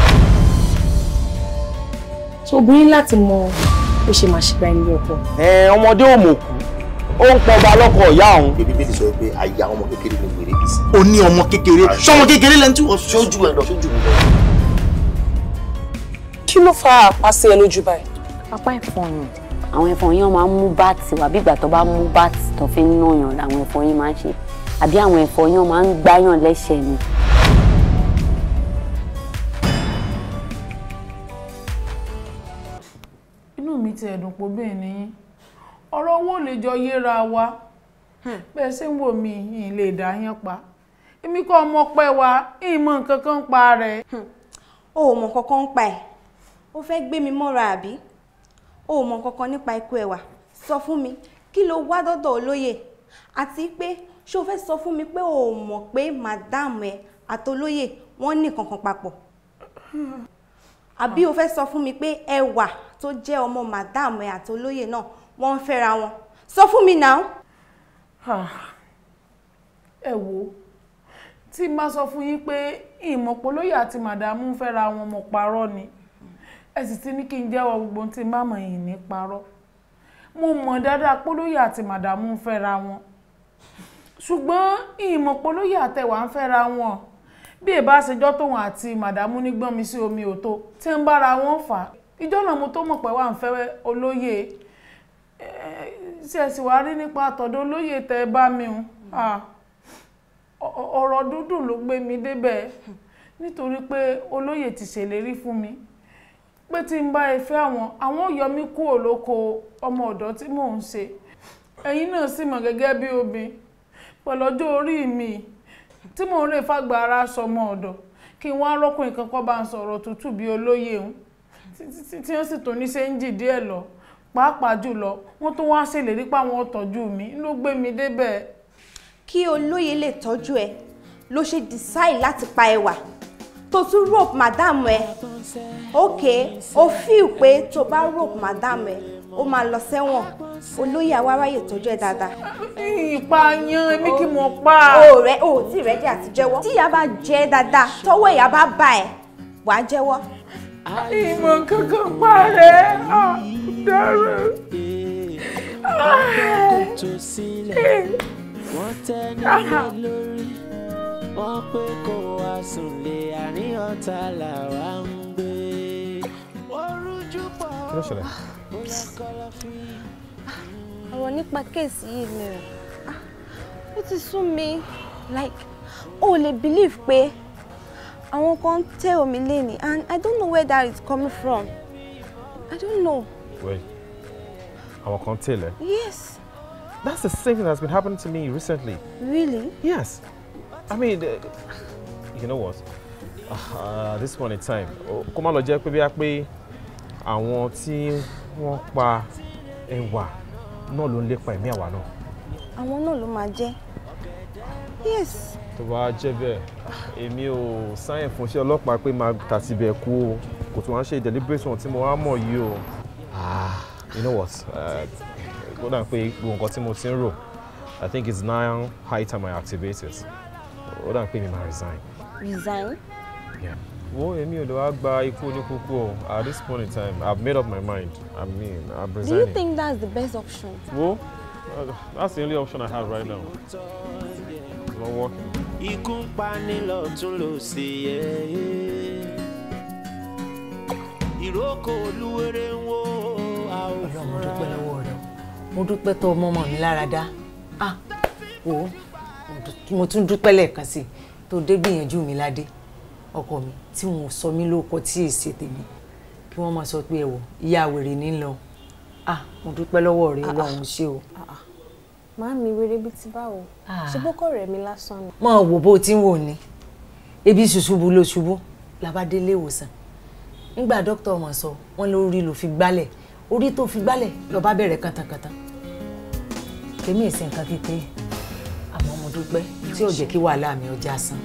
tó obìnrin láti mọ bó ṣe máa ṣe gba ẹni ọkọ. ọmọdé ò mọ̀ kú ó ń pọba lọ́kọ ìyá òun. bèbí bèbí sọ pé àyà ọmọ kékeré ni wèrè bí sí. o ní ọmọ kékeré sọmọ kékeré lẹ́nu tí wọ́n sójú ẹ̀ lọ sójú mi lọ. kí ló fa àpàṣẹ ẹnu jù báyìí. apá ẹ̀fọn yẹn àwọn ẹ̀fọn yẹn máa ń mú báàtì wá bí ìgbà tó bá mú báàtì tó fi ń náyàn làwọn ẹ̀fọn yẹn máa ń ṣe àbí àwọn ẹ̀fọn yẹn máa ń gbáyàn lẹ́sẹ̀ ni. ti ẹ̀dùn pò bẹ́ẹ̀ ni yín ọ̀rọ̀ owó lè jọ yéra wa hmm. bẹ́ẹ̀ ṣé ń wò mí ìyìn lè dá yẹn pa èmi kọ́ ọmọ pẹ́ wa ìyìn mọ nǹkan kan pa rẹ̀. Hmm. o ò mọ kankan ń pa ẹ o fẹ́ gbé mi mọ́ra àbí o ò mọ kankan nípa ikú ẹwà sọ fún mi kí ló wá dọ́dọ̀ olóyè àti pé ṣé o fẹ́ sọ fún mi pé o ò mọ̀ pé màdáàmù ẹ àtolóyè wọ́n ní kankan papọ̀. Hmm àbí o fẹ́ sọ fún mi pé ẹwà tó jẹ́ ọmọ màdáàmù ẹ̀ àti olóyè náà wọ́n ń fẹ́ra wọn sọ fún mi náà. ẹ wo tí n bá sọ fún yín pé ìmọ̀pọ̀ àti màdáàmù ń fẹ́ra wọn mọ̀ parọ́ ni ẹ sì ti ní kí n jẹ́wọ́ gbogbo tí n mọ̀ yìí ní parọ́ mo mọ̀ dáadáa pé àti màdáàmù ń fẹ́ra wọn ṣùgbọ́n ìmọ̀pọ̀ olóyè ń fẹ́ra wọn bí èbá ṣèjọ́ tóun àti màdàmú ní gbọ́n mi sí omi òtó tí ń bára wọn fà á ìjọ́ náà mo tó mọ̀ pé wà ń fẹ́ olóyè ṣe ẹ̀sìn wàá rí nípa àtọ̀dọ̀ olóyè tẹ́ ẹ bá mi hùn ọ̀rọ̀ dúdùn ló gbé mi débẹ̀ nítorí pé olóyè ti ṣèlérí fún mi pé tí ń bá ẹ fẹ́ àwọn àwọn yọ mí kúrò lóko ọmọ ọ̀dọ́ tí mò ń ṣe ẹ̀yin náà sì mọ̀ gẹ́gẹ́ bí obìnrin pẹ̀lọ́jọ́ orí mi tí mò ń rè fàgbà ara sọmọ ọ̀dọ̀ kí n wá rọ́kùnrin kan kọ́ bá ń sọ̀rọ̀ tútù bí olóyè ń tí ó sì tó ní ṣe ń jì díẹ̀ lọ pàápàá jùlọ wọ́n tó wá ṣèlérí páwọn ọ̀tọ́jú mi ló gbé mi débẹ̀. kí olóyè lè tọ́jú ẹ ló ṣe decide láti pa ẹwà tó tún rope madam ẹ ok o fíìl pé tó bá rope madam ẹ ó máa lọ sẹ́wọ̀n olóyè awáráyè tọ́jú ẹ dáadáa. ìpààyàn èmi kì í mọ̀ pa. ọ̀rẹ́ o ò tí ì rẹ́dí àti jẹ́wọ́ tí ìyá bá jẹ́ dáadáa tọ́wọ́ ìyá bá bà ẹ̀ wàá jẹ́wọ́. ìmọ̀ kankan pa rẹ̀ dárò. kò tó sílẹ̀ wọ́n tẹ́ nílé lórí wọ́n pé kó wá sùn lé àárín ọ̀tá làwa ń gbé. kí ló ṣẹlẹ̀? (laughs) ọ̀rọ̀ nípa kéèsì yìí ni ah, ó ti sún mi like o oh, lè believe pé àwọn kan tẹ omi lẹ́nìí and I don't know where that is coming from I don't know. Wait, àwọn kan tẹ̀lé? Yes. That's the same thing that's been happening to me recently. Really? Yes. I mean, uh, you know what? Ah, uh, this one in time. Kó má lọ jẹ́ pé bí a pé àwọn tí wọ́n pa ẹwà náà ló ń lépa ẹ̀mí àwa náà. àwọn náà ló máa jẹ́ yes. tó bá jẹ́ bẹ́ẹ̀ èmi ò sáyẹn fún iṣẹ́ ọlọ́pàá pé máa tàtibẹ̀ kú o kò tó wá ń ṣe deliberation tí mo wá mọ̀ yìí o. ah you know what eh, ó dà pé gbogbo nǹkan tí mo ti ń rò i think it's now high time i activate it ó dà pé mi máa resign. resign. Yeah wo èmi ò lè wá gba ikú oníkúkú o at this point in time i've made up my mind i mean i'm resigning. do you think that's the best option. wo uh, that's the only option i have right now. it's not working. ikú ń pa ní lọ́tún ló sì yẹ. ìrókò olúwere ń wo àwọn fúnra. mo dúpẹ́ lọ́wọ́ rẹ̀ mo dúpẹ́ tó ọmọ ọmọ mi lára dá ah wo mo tún dúpẹ́ lẹ́ẹ̀kan sí i tó dé gbìyànjú mi ládé ọkọ mi tí wọn sọ mí lóko tí èsì tèmi kí wọn máa sọ pé ẹwọ ìyá wèrè ní lọ ah mo dúpẹ́ lọ́wọ́ rẹ Ọlọ́run ah, ah, ṣé o. Ah, màá mi wéré bíi ti báwo ṣe bókọ rẹ mi lásán ni. máa wò bó o ti ń wò ni ebi ṣùṣubú ló ṣubú làbádé ilé ìwòsàn ńgbà dókítà ọmọ sọ wọn ló rí ló fi gbálẹ̀ orí tó fi gbálẹ̀ ló bá bẹ̀rẹ̀ kàtàkàtà kèmí èsì nǹkan kékeré àmọ́ mo dúpẹ́ tí ò jẹ́ kí wàhálà mi ọjà san.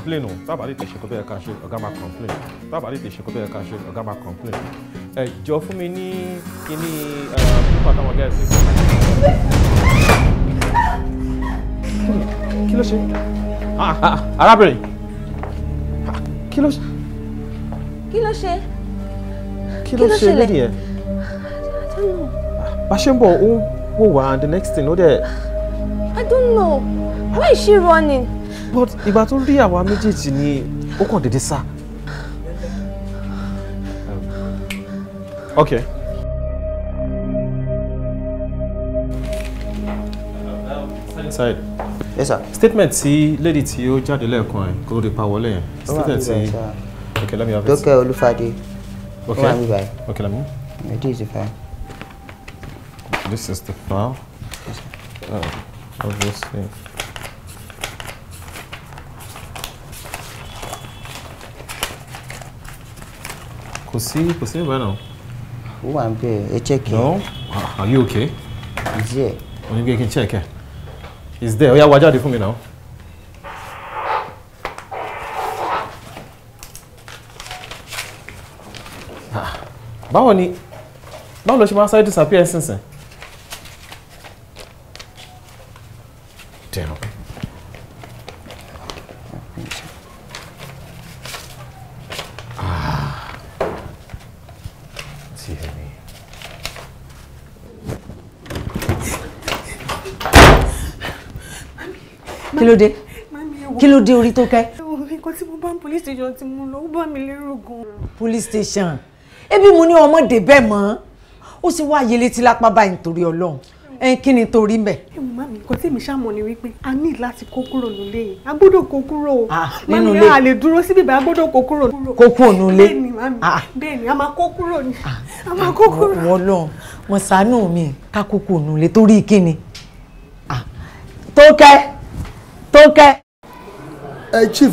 complain o tábà lè tètè ṣe kó tó yẹ ká ṣe ọ̀gá máa complain tábà lè tètè ṣe kó tó yẹ ká ṣe ọ̀gá máa complain ẹ jọ fún mi ní kíní pípa táwọn ọ̀gá sí. kí ló ṣe arábìnrin kí ló ṣe. kí ló ṣe. kí ló ṣe lédi yẹn. bá ṣe ń bọ̀ ó wò wá the next thing ó dẹ̀. I don't know why is she running but ìgbà tó rí àwa méjèèjì ni ó kàn déédéé sá. okay. inside. yes sir. statement ti lady tí ó jáde lẹ́ẹ̀kan ẹ̀ kó ló di pa wọlé yẹn. statement ti okay let me have it. dókè olúfàdé. okay okay let me. it is the this is the file. Yes, Uh, obviously. kò sí kò sí níbẹ̀ náà. ó wà ń bẹ ẹ check ẹ. no ah, are you okay. is there. onígbé kí n check ẹ is there ó yá wá jáde fún mi náà. Ah, báwo ni báwo ló ṣe máa ń sáré disappear sínsìn. ló dé kí ló dé orí tó kẹ́. nǹkan tí mo bá ń police station tí mo lọ ó bá mi lérò gan-an. police station ebi mo ní ọmọdé bẹ́ẹ̀ mọ́ ó sì wá ayẹlẹ tí lápá báyìí nítorí ọlọ́run ẹn kí ni torí mbẹ. ẹ mọ mi nǹkan tèmi ṣàmọ ni wípé a ní láti kó kúrò nílé yìí a gbọ́dọ̀ kó kúrò o ah, nínú ilé a lè dúró síbi bá a gbọ́dọ̀ kó kúrò. kó kúrò nílé bẹ́ẹ̀ ni mami ah. bẹ́ẹ̀ ni a máa kó kúrò ni ah. a máa kó kúrò. wọ́n lọ wọn ṣàánú mi ká tó kẹ́. ẹ chief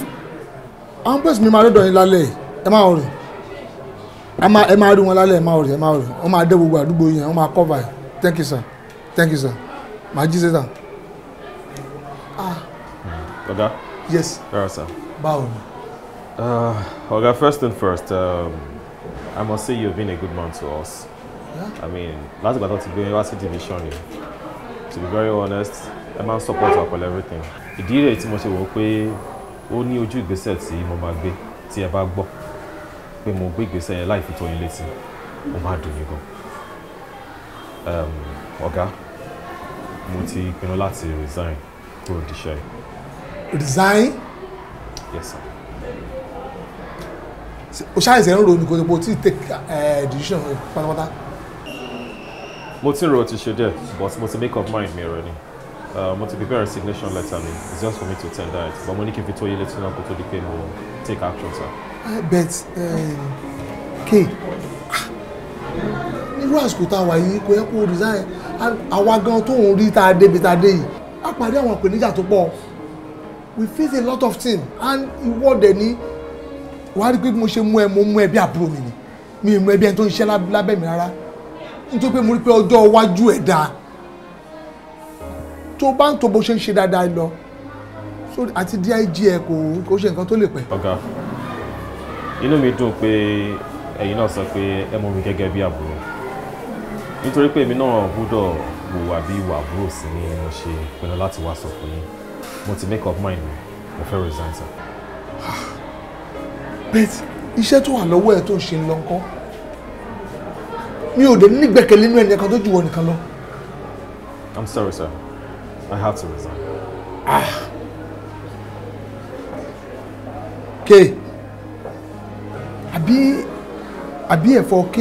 àwọn pèsè mi máa dọ̀dọ̀ yín lálẹ́ ẹ máa rìn ẹ máa rí wọn lálẹ́ ẹ máa rìn ẹ máa rìn wọ́n máa dé gbogbo àdúgbò yẹn wọ́n máa cover ẹ̀ thank you sir thank you sir màá jí sẹ́sà. Ah. ọ̀gá. yes. báwo sir. báwo ni. Ah, ọ̀gá first and first um, I must say you've been a good man to us. Yeah. I mean láti gbàtọ́ ti gbé wá sí division yìí to be very honest ẹ máa ń support wa pẹ̀lú everything ìdí rẹ̀ tí mo ṣe wò pé ó ní ojú ìgbésẹ̀ tí mo máa gbé tí ẹ bá gbọ́ pé mo gbé ìgbésẹ̀ yẹn láì fi tó yín létí ó máa dùn mí gan ọ̀gá mo ti pinnu láti resign kúrò níṣẹ́ resign. yes sir. o ṣàìsàn ń ronú kòtò pé o ti take eh, decision pátápátá. mo ti ń ro ti ṣe díẹ̀ but mo ti make up mind mi rẹ ni. Uh, mo ti prepare resignation letter mi it's just for me to tender it but mo ní kí n fi tó yé létí náà kó tó take action sir. I uh, bet um, kay ah, nírú àsìkò tá a wà yìí kò yẹ kó resign àwa gan tó ń rí tá a débi tá a dé yìí a pàdé àwọn ìpèníjà tó pọ̀ we face a lot of things and ìwọ dẹ̀ ni wàá rí pé mo ṣe mú ẹ mo mú ẹ bí àbúrò mi ni mi ì mú ẹ bí ẹni tó ń ṣe lábẹ́ mi rárá nítorí pé mo rí pé ọjọ́ iwájú ẹ̀ dáa tó bá ń tó bó ṣe ń ṣe dáadáa lọ àti dig ẹ kò kò ṣe nǹkan tó lè pẹ́. ọ̀gá inú mi dùn pé ẹ̀yin náà sọ pé ẹ mọ̀ mi gẹ́gẹ́ bí àbúrò nítorí pé èmi náà gbọ́dọ̀ wùwà bí ìwà àbúrò sí ni mo ṣe pinnu láti wá sọ fún yín mo ti make up mind mi mo fẹ́ resign sir. (sighs) bet iṣẹ́ tó wà lọ́wọ́ ẹ̀ tó ń ṣe ń lọ nǹkan mi ò dé nígbẹ̀kẹ̀lé inú ẹnìkan tó jù wọ́n nìkan lọ. i'm sorry sir. I have to resign. Ah. K. Àbí àbí ẹ̀fọ́ K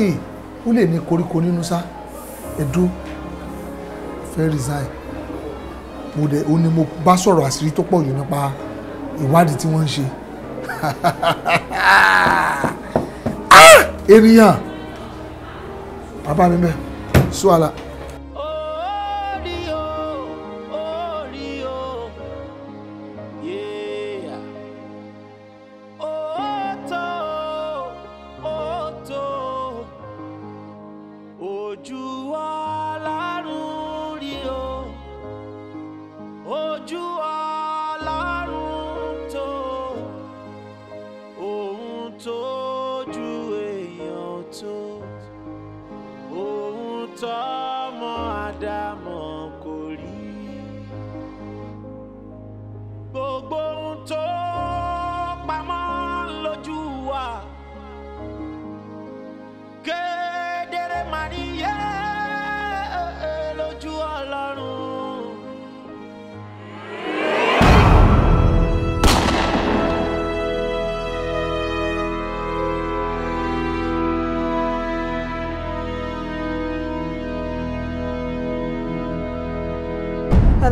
ó lè ní koríko nínú sá. Ẹ̀dú fẹ́ resign. Mo dẹ̀ ó ní mo bá sọ̀rọ̀ àṣírí tó pọ̀ jù nípa ìwádìí tí wọ́n ń ṣe. (laughs) Ah! Ah! Ènìyàn bàbá mi bẹ́ẹ̀ sọ So,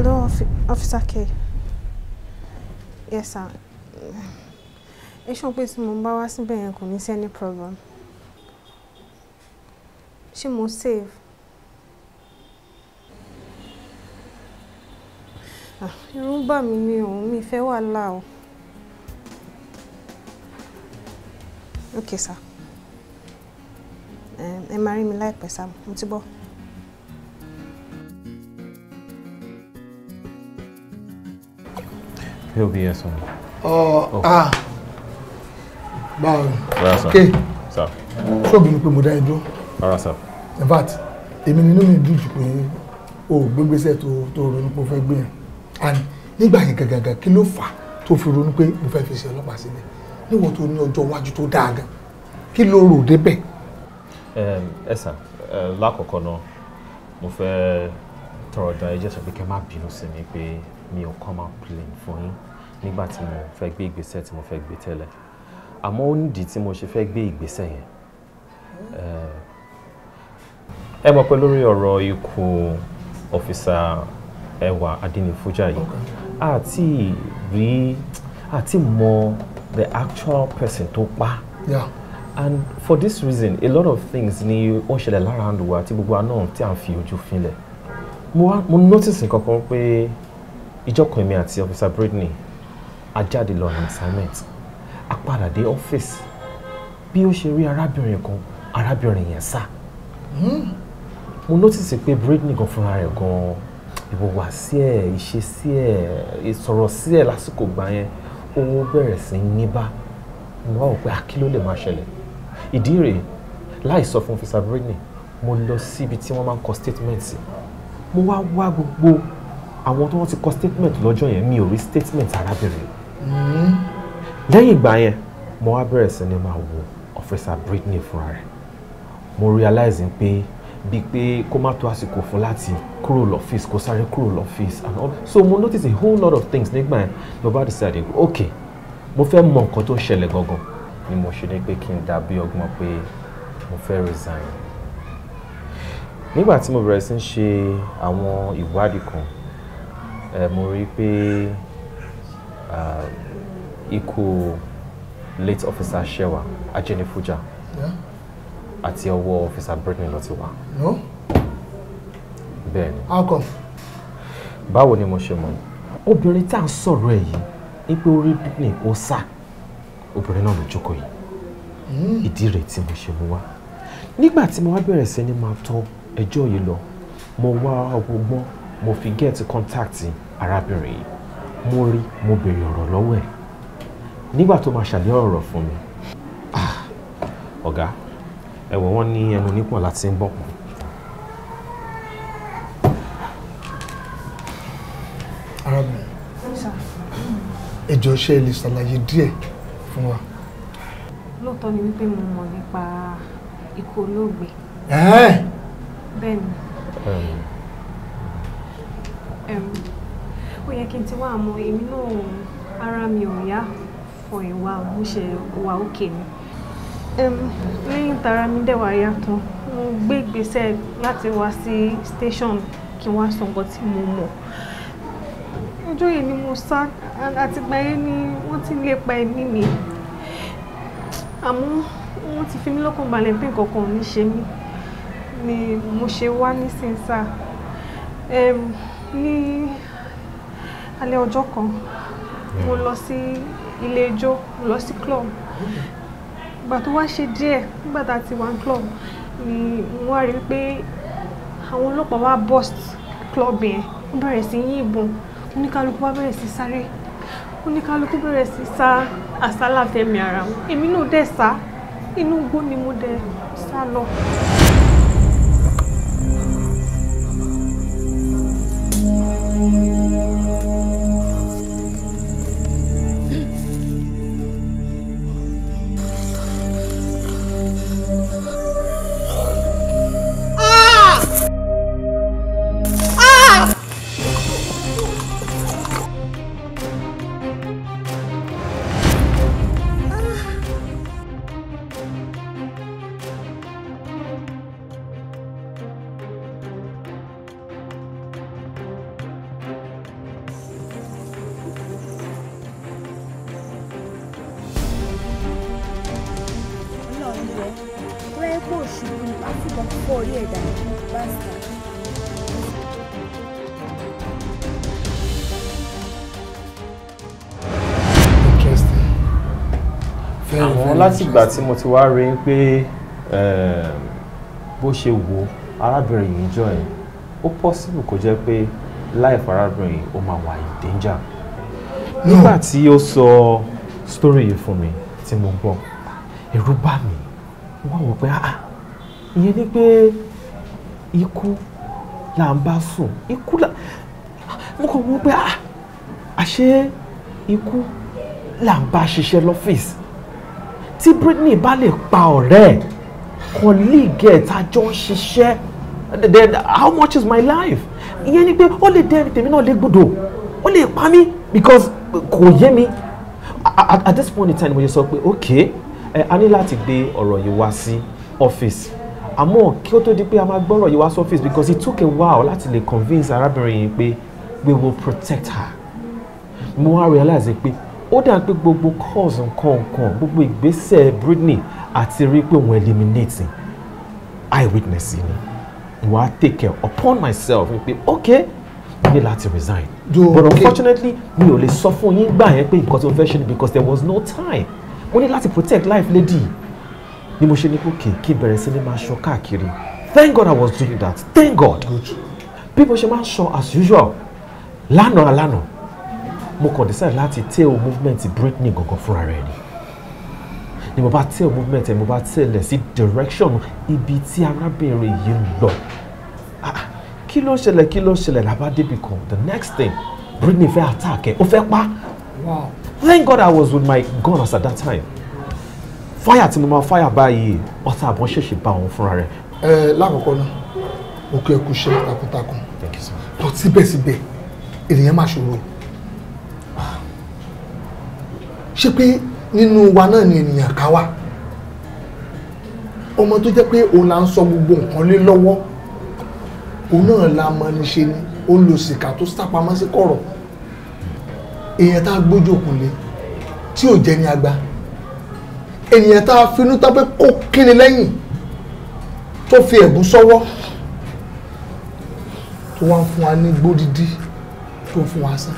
Hello, Officer K. Yes, sir. Ẹ ṣọ́ pé tí mo bá wá síbẹ̀ yẹn kò ní sí any problem. Ṣé mo save? Ah, irú ń bà mí ni òun mi fẹ́ wàhálà o. Okay, sir. Ẹ máa rí mi láìpẹ́ sá, mo ti bọ̀. He'll be here soon. Oh, oh. ah. Báwo. Rárá sá. Okay. Sá. Ṣọ́ọ̀bù pé mo dá ẹ dúró. Rárá sá. In fact, èmi nínú mi dùn jù pé o gbégbésẹ̀ to tó ronú pé o fẹ́ And nígbà yẹn gàgàgà kí ló fà tó fi ronú pé mo fẹ́ fi ṣe ọlọ́pàá sílẹ̀? Níwọ̀n to ní ọjọ́ iwájú tó dáa gan. Kí ló rò débẹ̀? Ẹ um, sà, uh, lákọ̀ọ́kọ́ náà, mo fẹ́ tọrọ dán ẹjẹ́ sọ pé kẹ́ má bínú sí mi pé mi ò complain fún yín nígbà tí mo fẹ́ gbé ìgbésẹ̀ tí mo fẹ́ gbé tẹ́lẹ̀ àmọ́ ó nídìí tí mo ṣe fẹ́ gbé ìgbésẹ̀ yẹn ẹ mọ̀ pé lórí ọ̀rọ̀ ikú ọ̀fíìsà ẹwà adínifujà yìí àti rí àti mọ the actual person tó pa yeah. and for this reason a lot of things ni ó ń ṣẹlẹ̀ lára àndùwà àti gbogbo àná tí à ń fi ojú finlẹ̀ mo notice nǹkan kan pé ìjọkọ̀ èmi àti officer Britney a jáde lọ ní assignment a padà dé ọ́fíìsì bí ó ṣe rí arábìnrin kan arábìnrin yẹn sá hmm. mo notice pé Britney gan fúnra rẹ̀ gan ìwọ̀wà sí ẹ̀ ìṣesí ẹ̀ ìsọ̀rọ̀ sí ẹ̀ lásìkò gbà yẹn owó bẹ̀rẹ̀ sí ní bá mo wá wò pé akí ló lè máa ṣẹlẹ̀ ìdí rèé láì sọ fún officer Britney mo lọ síbi tí wọ́n máa ń kọ statement mo wá wá gbogbo àwọn tó wọ́n ti kọ statement lọ́jọ́ yẹn mi ò rí statement arábìnrin hmm. lẹ́yìn ìgbà yẹn mo wá bẹ̀rẹ̀ sí ni máa wo Officer Britney fúnra rẹ̀ mo realize pé bíi pé kó má tó àsìkò fún láti kúrò lọ́fíìsì kó sáré kúrò lọ́fíìsì and all so mo notice a whole lot of things nígbà yẹn ló bá decide ok mo fẹ́ mọ nǹkan tó ń ṣẹlẹ̀ gangan ni mo ṣe ní pé kí n dàbí ọgbọ́n pé mo fẹ́ resign nígbà tí mo bẹ̀rẹ̀ sí ń ṣe àwọn ìwádìí kan mo rí i pé ikú late officer Shewa Ajenifuja àti ọwọ́ officer Britney ló ti wá. bẹ́ẹ̀ ni. how come. báwo ni mo ṣe mọ̀ obìnrin tá à ń sọ̀rọ̀ ẹ̀ yìí ní pé orí Britney ó sá obìnrin náà ló jókòó yìí hmm. ìdí rẹ̀ tí mo ṣe mú wá nígbà tí mo wá bẹ̀rẹ̀ sí ni máa tọ ẹjọ́ yìí lọ mo wá ọgbọ́n mo fi get contact yìí arábìnrin yìí mo rí mo béèrè ọ̀rọ̀ lọ́wọ́ ẹ̀ nígbà tó máa ṣàlẹ́ ọ̀rọ̀ fún mi ah, ọ̀gá ẹ̀wọ̀n wọn ní ẹnu nípọ̀n láti ń bọ̀ pọ̀. arábìnrin ìjọ ṣe lè ṣàlàyé díẹ̀ fún wa. lóòótọ́ ni wípé mo mọ̀ nípa ikú olóògbé. bẹ́ẹ̀ ni ó yẹ kí n ti wá àmọ́ èmi náà ara mi ò yá for a while mo ṣe wà òkè mi lẹ́yìn tara mi dẹ̀ wá yàtọ̀ mo gbé ìgbésẹ̀ láti wá sí station kí n wá sọ nǹkan tí mo mọ̀ ọjọ́ yìí ni mo sá àti gba yẹn ni wọ́n ti lépa ẹ̀mí mi àmọ́ wọ́n ti fi mí lọ́kàn balẹ̀ pé nǹkan kan ní ṣe mí ni mo ṣe wá nísinsá ní alẹ́ ọjọ́ kan mo lọ sí ilé ijó mo lọ sí club ìgbà tó wá ṣe díẹ̀ nígbà tá a ti wà ní club ni mo wá rí pé àwọn ọlọ́pàá wá burst club yẹn wọ́n bẹ̀rẹ̀ sí yín ìbọn oníkálukú wá bẹ̀rẹ̀ sí sáré oníkálukú bẹ̀rẹ̀ sí sá àsálà fẹ́mi ara wọn èmi náà dẹ̀ sá inú igbó ni mo dẹ̀ sá lọ. Thank you. ṣùgbọ́n láti ìgbà tí mo ti wá rí i pé ehm, bó ṣe wo arábìnrin yìí jọ ẹ̀ ó possible kó jẹ́ pé life arábìnrin yìí ó máa wà in danger. nígbà tí ó sọ story yìí fún mi tí mo gbọ́ ẹ̀rù bà mí wọ́n wò pé ah, ah ìyẹn ni pé ikú là ń bá sùn ikú là mo kàn wọ́n pé ah àṣé ikú là ń bá ṣiṣẹ́ lọ́fíìsì tí Britney bá lè pa ọ̀rẹ́ ẹ̀ colleague ẹ̀ tá a jọ ń ṣiṣẹ́ then how much is my life ìyẹn ni pé ó lè dẹ́ tèmi náà lè gbọ́dọ̀ ó lè pa mí because kò yé mi at, at this point in time mo yẹ sọ pé okay ẹ a ní láti gbé ọ̀rọ̀ yìí wá sí ọ́fíìsì àmọ́ kí ó tó di pé a máa gbọ́rọ̀ yìí wá sí office because it took a while láti lè convince arábìnrin yìí pé we will protect her mo wá realize pé ó dà pé gbogbo cause nǹkan nǹkan gbogbo ìgbésẹ̀ Britney àti rí pé òun eliminating eyewitness ni wà á take care upon myself wípé ok ní láti resign but unfortunately mi ò lè sọ fún yín gbà yẹn pé nǹkan tí fẹ́ ṣe ni because there was no time mo ní láti protect life lady ni mo ṣe ní kókè kí n bẹ̀rẹ̀ sí ni máa ṣọ káàkiri thank god i was doing that thank god bí mo ṣe máa ń ṣọ as usual lánàá lánàá mo kàn decide láti tail movement Britney gangan fúnra rẹ̀ ni ni mo bá tail movement ẹ̀ mo bá tẹ̀lẹ̀ sí direction ibi tí arábìnrin yìí ń lọ ah, kí ló ṣẹlẹ̀ kí ló ṣẹlẹ̀ làbá débi kan the next thing Brittany fẹ́ attack ẹ̀ ó fẹ́ pa wow thank God I was with my gun as at that time fire tí mo máa fire báyìí ọ̀tá àbọ̀n ṣèṣì bá òun fúnra rẹ̀. ẹ lákòókò náà mo kí ẹ kú iṣẹ́ takuntakun lọ síbẹ̀síbẹ̀ ènìyàn máa ṣòro ṣé pé nínú wa náà ni ènìyàn ká wà ọmọ tó jẹ́ pé òun là ń sọ gbogbo nǹkan lé lọ́wọ́ òun náà la mọ ní ṣe ni ó ń lo sìkà tó sápamọ́ sí kọ̀rọ̀ èèyàn tá a gbójú òkun lé tí ò jẹ́ ní agba ènìyàn tá a finú tá pé kó kíni lẹ́yìn tó fi ẹ̀gún sọ́wọ́ tó wá fún wa ní gbódìdí tó fún wa sàn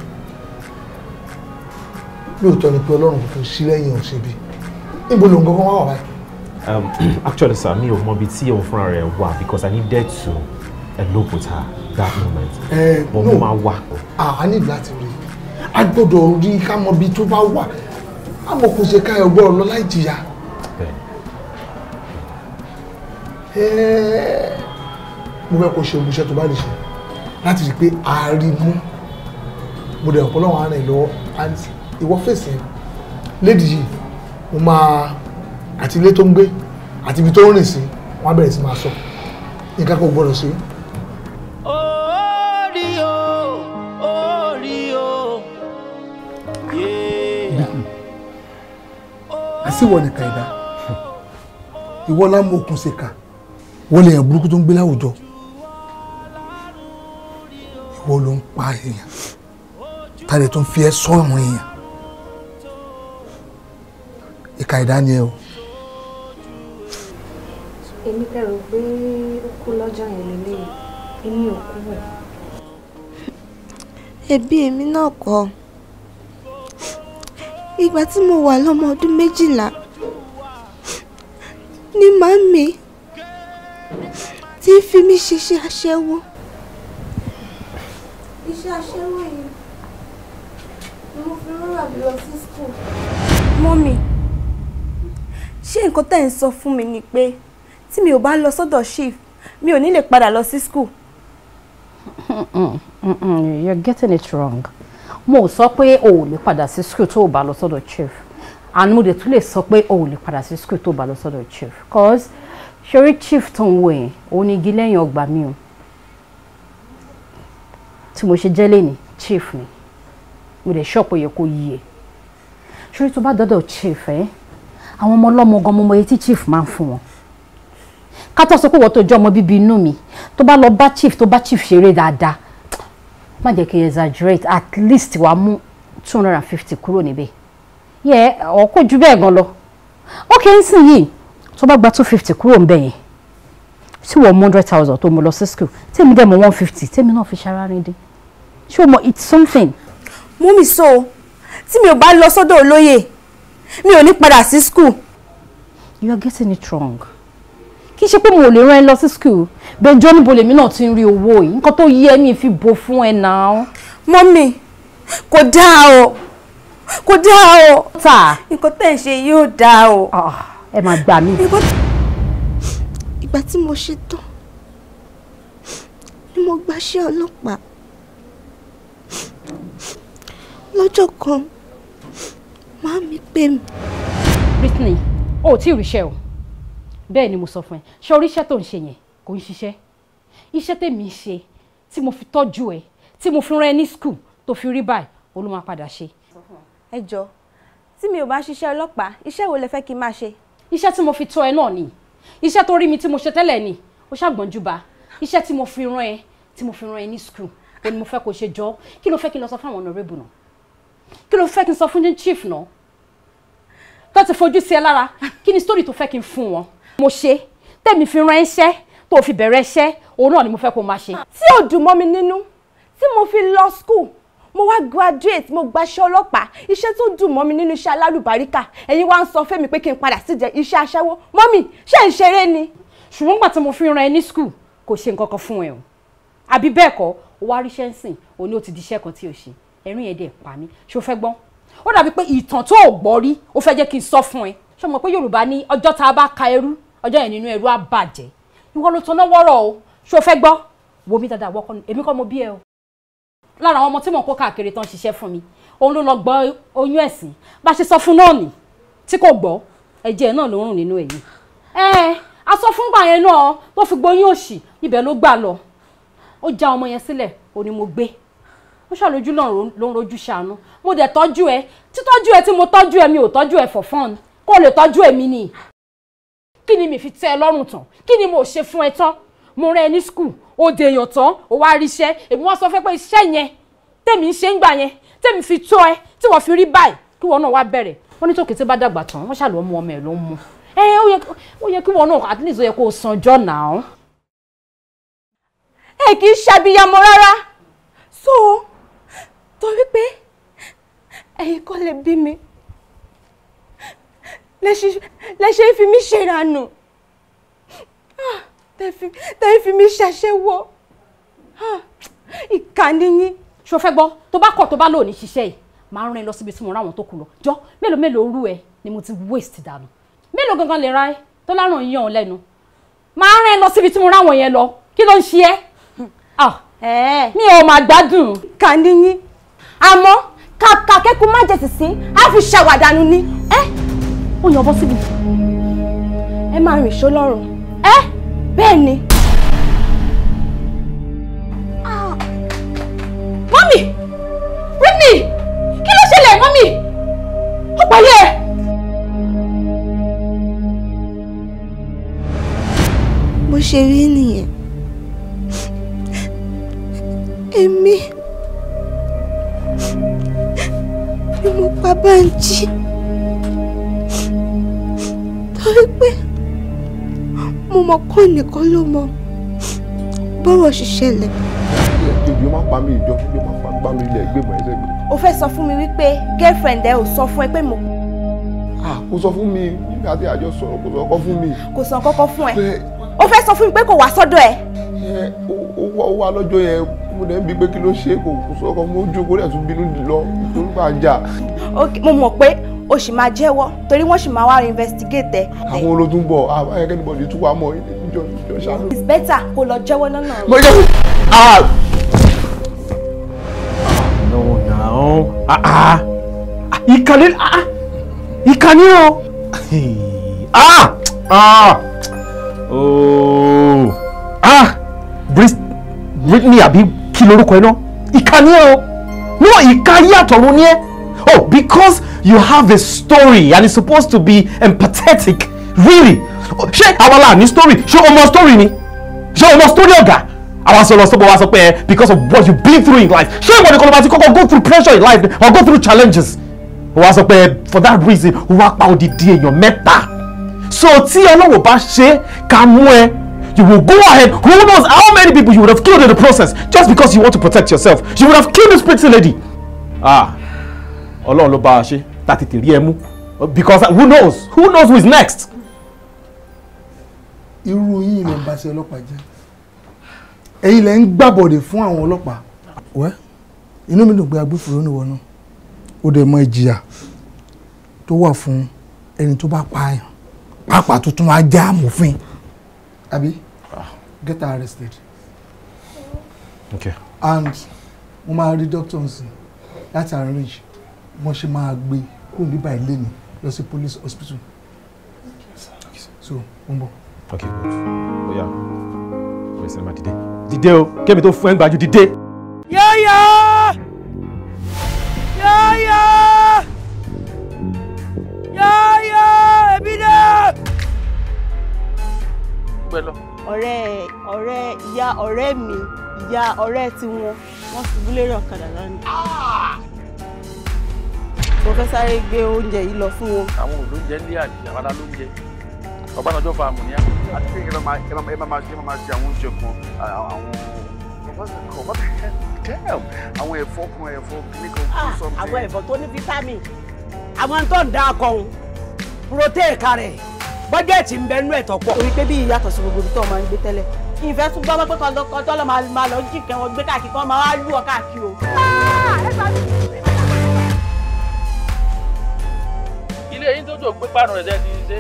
lóòótọ́ ni pé ọlọ́run kò fi sírẹ́yìn òṣèbí níbo ló ń gbọ́ngàn wá wà báyìí. Um, (clears throat) actually sir mi ò mọ ibi tí òun fúnra rẹ̀ wà because i need needed to elope eh, with her that moment. ẹ eh, no mo máa wà. a ní láti rí a gbọ́dọ̀ rí ká mọ ibi tó bá wà a mọ̀ kò ṣe ká ẹ gbọ́ ọ lọ láì jìyà. Eh, mo fẹ́ kó ṣe ogun iṣẹ́ tó bá lè ṣe láti rí i pé a rí mú mo dẹ̀ ọ̀pọ̀lọpọ̀ àárín lọ́wọ́ àǹtí ìwọ fèsì lédi yìí mo máa àti ilé tó ń gbé àti ibi tó ń rìn sí wọn á bẹ̀rẹ̀ sí máa sọ nǹkan kò gbọdọ̀ sí. àsìwọ̀ nìkan ẹ̀dá ìwọ lámú okùn ṣèkà wọlé èèyàn burúkú tó ń gbé láwùjọ ìwọ ló ń pa èèyàn tàbí tó ń fi ẹ sọ àwọn èèyàn ìka ìdání ẹ o. èmi kẹrò pé ó kú lọ́jọ́ yẹn lélẹ̀ èmi ò kú ẹ̀. ẹbí èmi náà kọ́ ìgbà tí mo wà lọ́mọ ọdún méjìlá ni màmí tí fi mí ṣiṣẹ́ aṣẹ́wó. iṣẹ́ aṣẹ́wó yìí ni mo fi rán àbí lọ sí school. mọ́mì ṣé nǹkan tẹ́ ń sọ fún mi ni pé tí mi ò bá lọ sọ́dọ̀ chief mi ò ní lè padà lọ sí school. you're getting it wrong mo sọ pé o ò lè padà sí school tó o bá lọ sọ́dọ̀ chief and mo dẹ̀ tún lè sọ pé o ò lè padà sí school tó o bá lọ sọ́dọ̀ chief cause ṣorí chief tó ń wò yẹn òun ni igi lẹ́yìn ọgbà mi o tí mo ṣe jẹ́lé ni chief ni mo dẹ̀ ṣọ́ọ̀pù yẹ kó yí ẹ ṣorí tó bá dọ́dọ̀ chief ẹ̀ eh? àwọn ọmọ ọlọ́mọ gan mọmọ etí chief máa ń fún wọn ká tó sọ pé wọ́n tó jẹ́ ọmọ bíbí inú mi tó bá lọ bá chief tó bá chief ṣeré dáadáa má jẹ́ kí exaggerate at least wàá mú two hundred and fifty kúrò níbẹ̀ yẹ ọ̀ kó ju bẹ́ẹ̀ gan lọ ókè ń sìn yìí tó bá gba two fifty kúrò ń bẹ̀ yẹn tí wọ́n one hundred thousand tó mú lọ sí school tèmi dẹ̀ mú one fifty tèmi náà fi ṣara rìn dé ṣé o mọ it's something. mú mi so tí mi ò bá lọ sọ́dọ̀ olóyè mi ò ní padà sí school. you are getting it wrong kì í ṣe pé mo ò lè rán ẹ lọ sí school bẹjọ níbo lèmi náà ti ń rí owó yìí nǹkan tó yẹ mi fi bò fún ẹ náà. mọ́mì kò dáa o kò dáa o. ta nǹkan tẹ̀ ń ṣe yóò dáa o. Ah, ẹ máa gbà mí. ìgbà tí mo ṣe tán ni mo gbaṣẹ́ ọlọ́pàá lọ́jọ́ kan Màámi pè mí. Brittany, o ò tí ì ríṣẹ́ o. Bẹ́ẹ̀ ni mo sọ fún ẹ, ṣé oríṣẹ́ tó ń ṣe yẹn kò ń ṣiṣẹ́. Iṣẹ́ tèmi ń ṣe tí mo fi tọ́jú ẹ, tí mo fi rán ẹ ní skul tó fi rí báyìí, o ló máa padà ṣe. Ẹ jọ, tí mi ò bá ṣiṣẹ́ ọlọ́pàá, iṣẹ́ wo lẹ fẹ́ kí n máa ṣe? Iṣẹ́ tí mo fi tọ́ ẹ náà ni. Iṣẹ́ tó rí mi tí mo ṣe tẹ́lẹ̀ ni, ó ṣàgbọ́njúbà. Iṣẹ́ tí mo fi rán ẹ, tí mo fi rán ẹ ní skul, o ni mo fẹ́ kó ṣe jọ. Kí ló fẹ́ kí n lọ sọ fún àwọn honorable náà? Kí ló fẹ́ kí n sọ fún chief náà? tó ti fojú sí ẹ lára kí ni story tó fẹ́ kí n fún wọn. mo ṣe tẹ̀mí fi ran iṣẹ́ tó fi bẹ̀rẹ̀ iṣẹ́ òun náà ni mo fẹ́ kó máa ṣe. tí ò dùn mọ́ mi nínú tí mo fi lọ school mo wá graduate mo gbaṣẹ́ ọlọ́pàá iṣẹ́ tó dùn mọ́ mi nínú iṣẹ́ alálùbáríkà ẹ̀yin wá ń sọ fẹ́mi pé kí n padà síjẹ iṣẹ́ aṣẹ́wó mọ́mì ṣé ń ṣeré ni. ṣùgbọ́n gbà tí mo fi ran ẹ ní school kò ṣe nǹkan kan fún ẹ o àbí bẹ́ẹ̀ kọ́ o wá ríṣẹ́ ń sìn ti di iṣẹ́ kan tí o ṣe ẹ̀rín yẹn dẹ̀ pa mí ṣó fẹ́ gbọ́n ó dàbí pé ìtàn tó o gbọ́ rí ó fẹ́ jẹ́ kí n sọ fún ẹ ṣé mo pé yorùbá ní ọjọ́ tá a bá ka ẹrú ọjọ́ yẹn nínú ẹrú á bàjẹ́ ìwọ ló tanná wọ́rọ̀ o ṣé o fẹ́ gbọ́ wo mi dáadáa wọ́kọ́ èmi kọ́ mo bí ẹ o lára àwọn ọmọ tí mò ń kó káàkiri tán ṣiṣẹ́ fún mi òun ló lọ gbọ́ oyún ẹ̀sìn bá ṣe sọ fún náà nì tí kò gbọ́ ẹ̀jẹ̀ náà ló rùn nínú èyí ẹ a sọ fún gbà yẹn náà tó fi gboyún òṣì ibẹ̀ ló gbà lọ ó já ọmọ yẹn sílẹ̀ ó ní mo gbé ó ṣàlójú ló ń rojú ṣàánú mo dẹ̀ tọ́jú ẹ títọ́jú ẹ tí mo tọ́jú ẹ mi ò tọ́jú ẹ for fun kó lè tọ́jú èmi ni kí ni mi fi tẹ́ ẹ lọ́rùn tán kí ni mo ṣe fún ẹ tán mo rán ẹ ní skul ó de èèyàn tán ó wá rí iṣẹ́ èmi wọ́n sọ fẹ́ pé iṣẹ́ yẹn tèmi ń ṣe ń gbà yẹn tèmi fi tó ẹ tí wọ́n fi rí báyìí kí wọ́n náà wá bẹ̀rẹ̀ wọ́n ní tó kété bá dàgbà tán wọ́n ṣàlọ́ mú ọmọ ẹ̀ ló ń mu ẹ ó yẹ kí wọ́n náà at least ó yẹ kó o sanjọ́ náà. ẹ kì í ṣàbíyamọ rárá so torí pé ẹ̀yin kọ́ lè bí mi lẹ́ṣẹ̀ fi mí ṣèrànù ah, tẹ́ẹ̀ fi mí ṣàṣẹ́wó ah, ìkànnì yín. ṣo fẹ́ gbọ́ tó bá kọ̀ tó bá lò ní ṣiṣẹ́ yìí máa ń rìn lọ síbi tí mo ráwọn tó kù lọ jọ mélòó mélòó rú ẹ ni mo ti waste dànù mélòó gangan lè ra ẹ tó lárùn yín ọ̀hún lẹ́nu máa ń rìn lọ síbi tí mo ráwọn yẹn lọ kí ló ń ṣe ah, hm. ẹ mi ò máa gbádùn. kàní yín àmọ́ kàkà kẹ́kọ̀ọ́ má jẹ̀sì sí á fi ṣàwàdànù ni ẹ́ ó yàn bọ́ síbi ẹ máa rìn ṣó lọ́rùn ẹ́ bẹ́ẹ̀ ni. Ah. mọ́mì Rimi kí ló ṣẹlẹ̀ mọ́mì ó pẹ̀lú ẹ̀. bó ṣe rí nìyẹn èmi. Babánjí torí pé mo mọ kọ́ nìkan ló mọ bọ́rọ̀ ṣiṣẹ́ lẹ̀. ìjọ pa mí ìjọ ìjọ máa pa gbá mi ilẹ̀ ìgbìmọ̀ ẹlẹ́gbẹ̀ẹ́. o fẹ́ sọ fún mi wípé girlfriend ẹ o sọ fún ẹ pé mo. kò sọ fún mi nígbà tí ajo sọ̀rọ̀ kò sọ kọ́ fún mi. kò sọ kọ́kọ́ fún ẹ o fẹ́ sọ fún mi pé kò wá sọ́dọ̀ ẹ. ó wá lọ́jọ́ yẹn mo dẹ̀ bi pé kí ló ṣe é kò sọ mo ojú kó dẹ̀ tún bínú lọ nítorí pé àjà mo mọ̀ pé o sì máa jẹ́wọ́ torí wọ́n sì máa wá investigate ẹ. àwọn olódún bọ̀ ẹgbẹ́ nìbọn ní túwọ́ àmọ́ ìjọ ìjọ ṣáájú. it's better kó lọ jẹ́wọ́ lọ́nà mo jẹ́ ah. no now ah ah ìkànnì ah, ah. ìkànnì o (laughs) ah ah oh ah Britney àbí kí lorúkọ ẹ náà ìkànnì o no ìkà yàtọ̀ ló ẹ. Oh, because you have a story and it's supposed to be empathetic. Really? Ṣé àwa la ní story? Ṣé o mọ story ni? Ṣé o mọ story ọ̀gá? Àwa sọ lọ sọ́gbọ̀n wa sọ pé eh, because of what you've been through in life. Ṣé ìwọ ni kọ́nọ́bà ti kọ́kọ́ go through pressure in life or go through challenges? Wọ́n á sọ pé for that reason wọ́n á pa odidi èèyàn mẹ́ta. So tí ọlọ́wọ́ bá ṣe ká mú ẹ you will go ahead who knows how many people you would have killed in the process just because you want to protect yourself you would have killed this pretty lady ah ọlọ́run ló bá wa ṣe tá a ẹ mú because who knows who knows who is next. irú yín lè bá ṣe ọlọ́pàá jẹ́ èyí lè ń gbàbọ̀dẹ̀ fún àwọn ọlọ́pàá. wẹ́ inú mi dùn pé agbófinró ni wọ́n náà ó dẹ̀ mọ ìjìyà tó wà fún ẹni tó bá pààyàn pàápàá tuntun ajá amòfin àbí ah. get arrested. okay. and mo máa rí doctor nsìn láti arrange wọ́n ṣe máa gbé kúrò níbà ilé ni lọ sí police hospital so ó ń bọ̀. ok good oya bẹ̀rẹ̀ sinimá dìde dìde o kémi tó fún ẹ ń gbajú dìde. yáyà yáyà yáyà èmi náà. ọ̀rẹ́ ọ̀rẹ́ ìyá ọ̀rẹ́ mi ìyá ọ̀rẹ́ tiwọn wọ́n ṣubú lérè ọ̀kadà lánàá. Ah! mo fẹ́ sáré gbé oúnjẹ yìí lọ fún wọn. àwọn olóúnjẹ ní àdìyà rárá lóúnjẹ ọ̀gbánàjọ́ fa àmùníà àti pé ẹ máa ẹ máa ṣe máa ṣe àwọn oúnjẹ kan àwọn àwọn ẹ̀fọ́ kan ẹ̀fọ́ kìnnìkan fún ah, sọmi. àwọn ẹ̀fọ́ tó ní fítámì àwọn tó ń da akọ òun protein kárẹ̀ bọ́jẹ̀tì ń bẹ nú ẹ̀tọ́ pọ̀. orí pé bí ìyàtọ̀ sí gbogbo ibi tó máa ń gbé tẹ́lẹ̀ ìfẹ́ tún gbọ́ pé kọ́ńtọ́ lọ́ọ́ máa lọ jìkẹ́ wọn gbé káàkiri kọ́ máa wá lù ọ́ káàkiri o. Ah, ṣé eyín tó jò pé pààrọ̀ rẹ̀ dẹ́ni ṣe.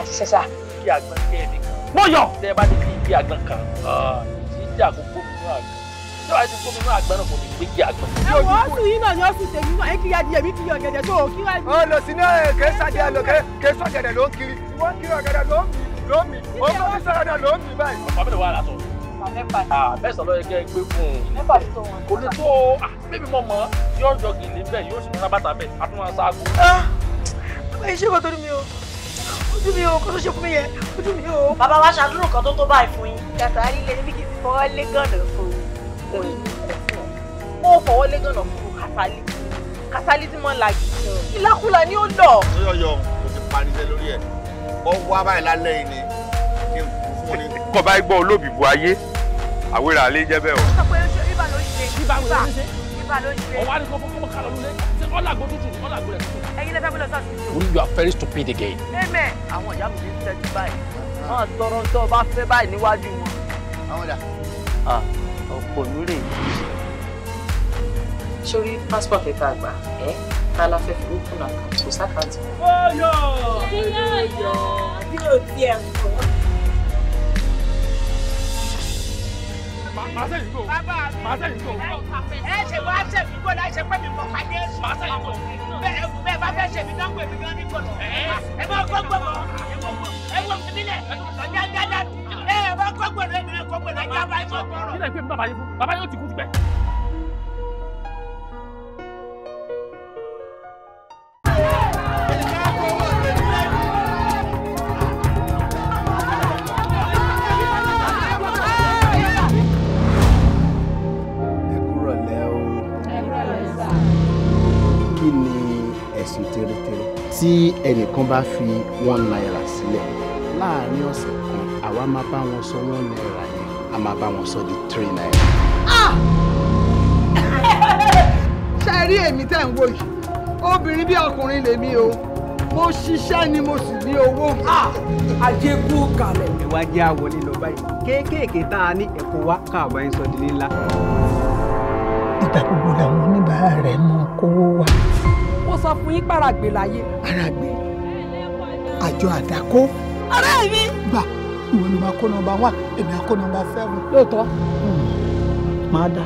àti ṣẹṣà. kí àgbọn kí ẹnì kan. mo yọ. tẹ ẹ bá ti fi kí àgbọn kan kì í jà kó gómìnà àgbọn tí wàá ti gómìnà àgbọn náà kò ní gbé kí àgbọn. ẹ̀wọ̀n ọ̀sùn yìí náà ni ọ̀sùn tèmi náà kí adìyẹ mi ti yọ ọ̀gẹ̀dẹ̀ tó kí wàá. ó lọ sí náà kèé sàdíà lọ kèé sọ̀gẹ̀dẹ̀ ló ń kiri wọ́n kiri ọ̀gẹ̀dẹ̀ ló ń mì ló ń mì ó tó fi sọ̀gẹ̀dẹ̀ ló ń mì báyìí. ọ̀pá mẹ́sàn-án lọ́yẹ kẹ́ ẹ gbé fún un kò ní tó bébí mọ̀mọ́ yóò jọ gèlè yóò sì rán bàtà bẹ́ẹ̀ àtúnwá sáàgó ẹ ṣe kọ́tọ́ mi o ojú mi o kọ́ tó ṣe fún mi yẹ ojú mi o. bàbá wa ṣàdúrà kan tó tó báyìí fún yín. yàtọ̀ àrílẹ̀ níbi kìí fọwọ́ lé gànà fún un. ó fọwọ́ lé gànà fún un kátàlí kátàlí tí mo ń lagi. ìlàkulà ni ó lọ. yọ̀yọ̀ kò ti pariṣẹ́ lórí ẹ̀ ọ wá báyìí lálẹ́ yìí ni kí n fún ni. kọ̀ bá gbọ́ olóbìbú ayé àwérà alẹ́ jẹ́ bẹ́ẹ̀ o. ó eu pé ibà ló ń ṣe ibà ló ń ṣe eu ló ń ṣe. ọ̀wá ni kò fọ́ kọ́mọ kálọ̀ lulẹ̀ ọ̀làgbò tútù ọ̀làgbò rẹ̀ tútù. ẹ̀yin lẹ́fẹ̀ẹ́ mílíọ̀nù sáà sí. you are very stupid again. ẹ̀mẹ̀ àwọn ìyá mi ti ń tẹ́jú báyìí wọ́n tọrọ tó bá fẹ́ báyìí níwájú wọn. àwọn ìdá. ọ̀pọ̀ lórí èyí. sórí passport ẹ̀ta àgbà ẹ̀ ta la fẹ́ fi open account kò sákàtì. ó yọ ó yọ bí o tiẹ̀ kọ́. màá sẹ́yìn kò màá sẹ́yìn kò. ẹ ṣe wá ṣe mí kó láì ṣe pé mi mọ̀ ká dé sùn. màá sẹ́yìn kò. bẹ́ẹ̀ bẹ́ẹ̀ bá fẹ́ ṣe mí náà pè mí gan ní kòtò. ẹ bá kọ́ gbọ̀gbọ̀ ẹ wọ mi nílẹ̀ dáadáa ẹ bá kọ́ gbọ̀gbọ̀ ẹ bá kọ́ gbọ̀gbọ̀ ẹ jábá ẹ sọ̀rọ̀. kí lè pe bàbá yín fún bàbá yín ó ti kú tipẹ́. tí ẹnìkan bá fi one naira sílẹ̀ láàárín ọ̀sẹ̀ kan àwa máa bá wọn sọ one naira yẹn a máa bá wọn sọ di three naira. Ah! (laughs) ṣe rí èmi tẹ́ ń wò yìí obìnrin bí ọkùnrin lèmi o mo ṣiṣẹ́ ni mo sì ní owó. Ah! ajé kú kalẹ̀. ìwà jẹ́ àwọlé lọ báyìí kéékèèké tá a ní ẹ̀kọ́ wá káàbá ń sọ di ńlá. ìgbà gbogbo làwọn oníbàárà rẹ̀ mọ kówó wá sọ fún yín paragbe láyé. paragbe àjọ àdákó. ọ̀rẹ́ mi. gbà ìwọ ni màá kó nọ́mbà wá èmi àkó nọ́mbà seven. lóòótọ́. Hmm, máa dà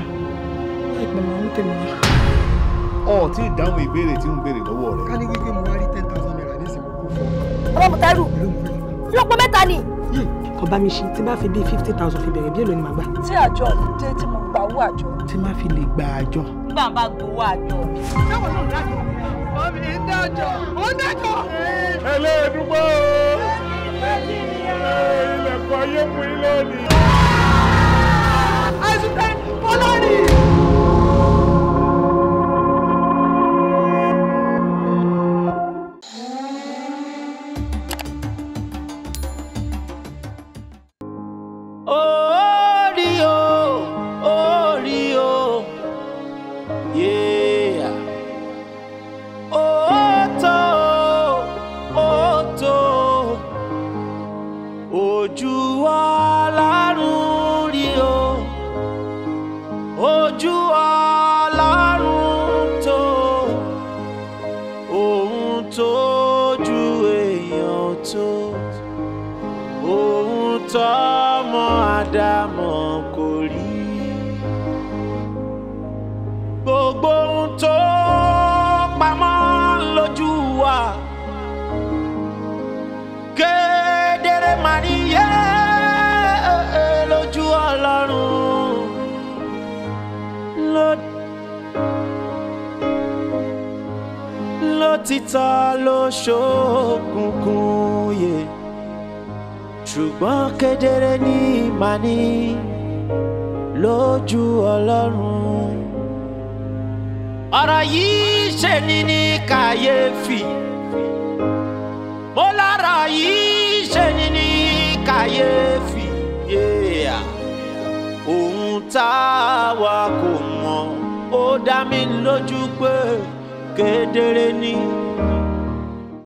ìpè máa ń tèmi wá. ọ tí ì dáhùn ìbéèrè tí ń béèrè lọ́wọ́ rẹ̀. ká ní gbígbé mo wá rí ten thousand naira ní ìsìnkú fún ọ. ọlọ́mọ tẹ́rù lọ́pọ̀ mẹ́ta ni. ọba hmm. mi ṣe tí bá fi bíi fifty thousand fi bẹ̀rẹ̀ bí èlò ni màá gbà. tí àjọ dé tí mo gba owó àjọ. tí má fi lè gba àjọ. nígbà bá gbowó àjọ mọ́mí ń dájọ́ ó dájọ́. ẹlẹ́dùnmọ́ ilẹ̀kùn ayé mú ilé ni. àìsùn tẹ olórí.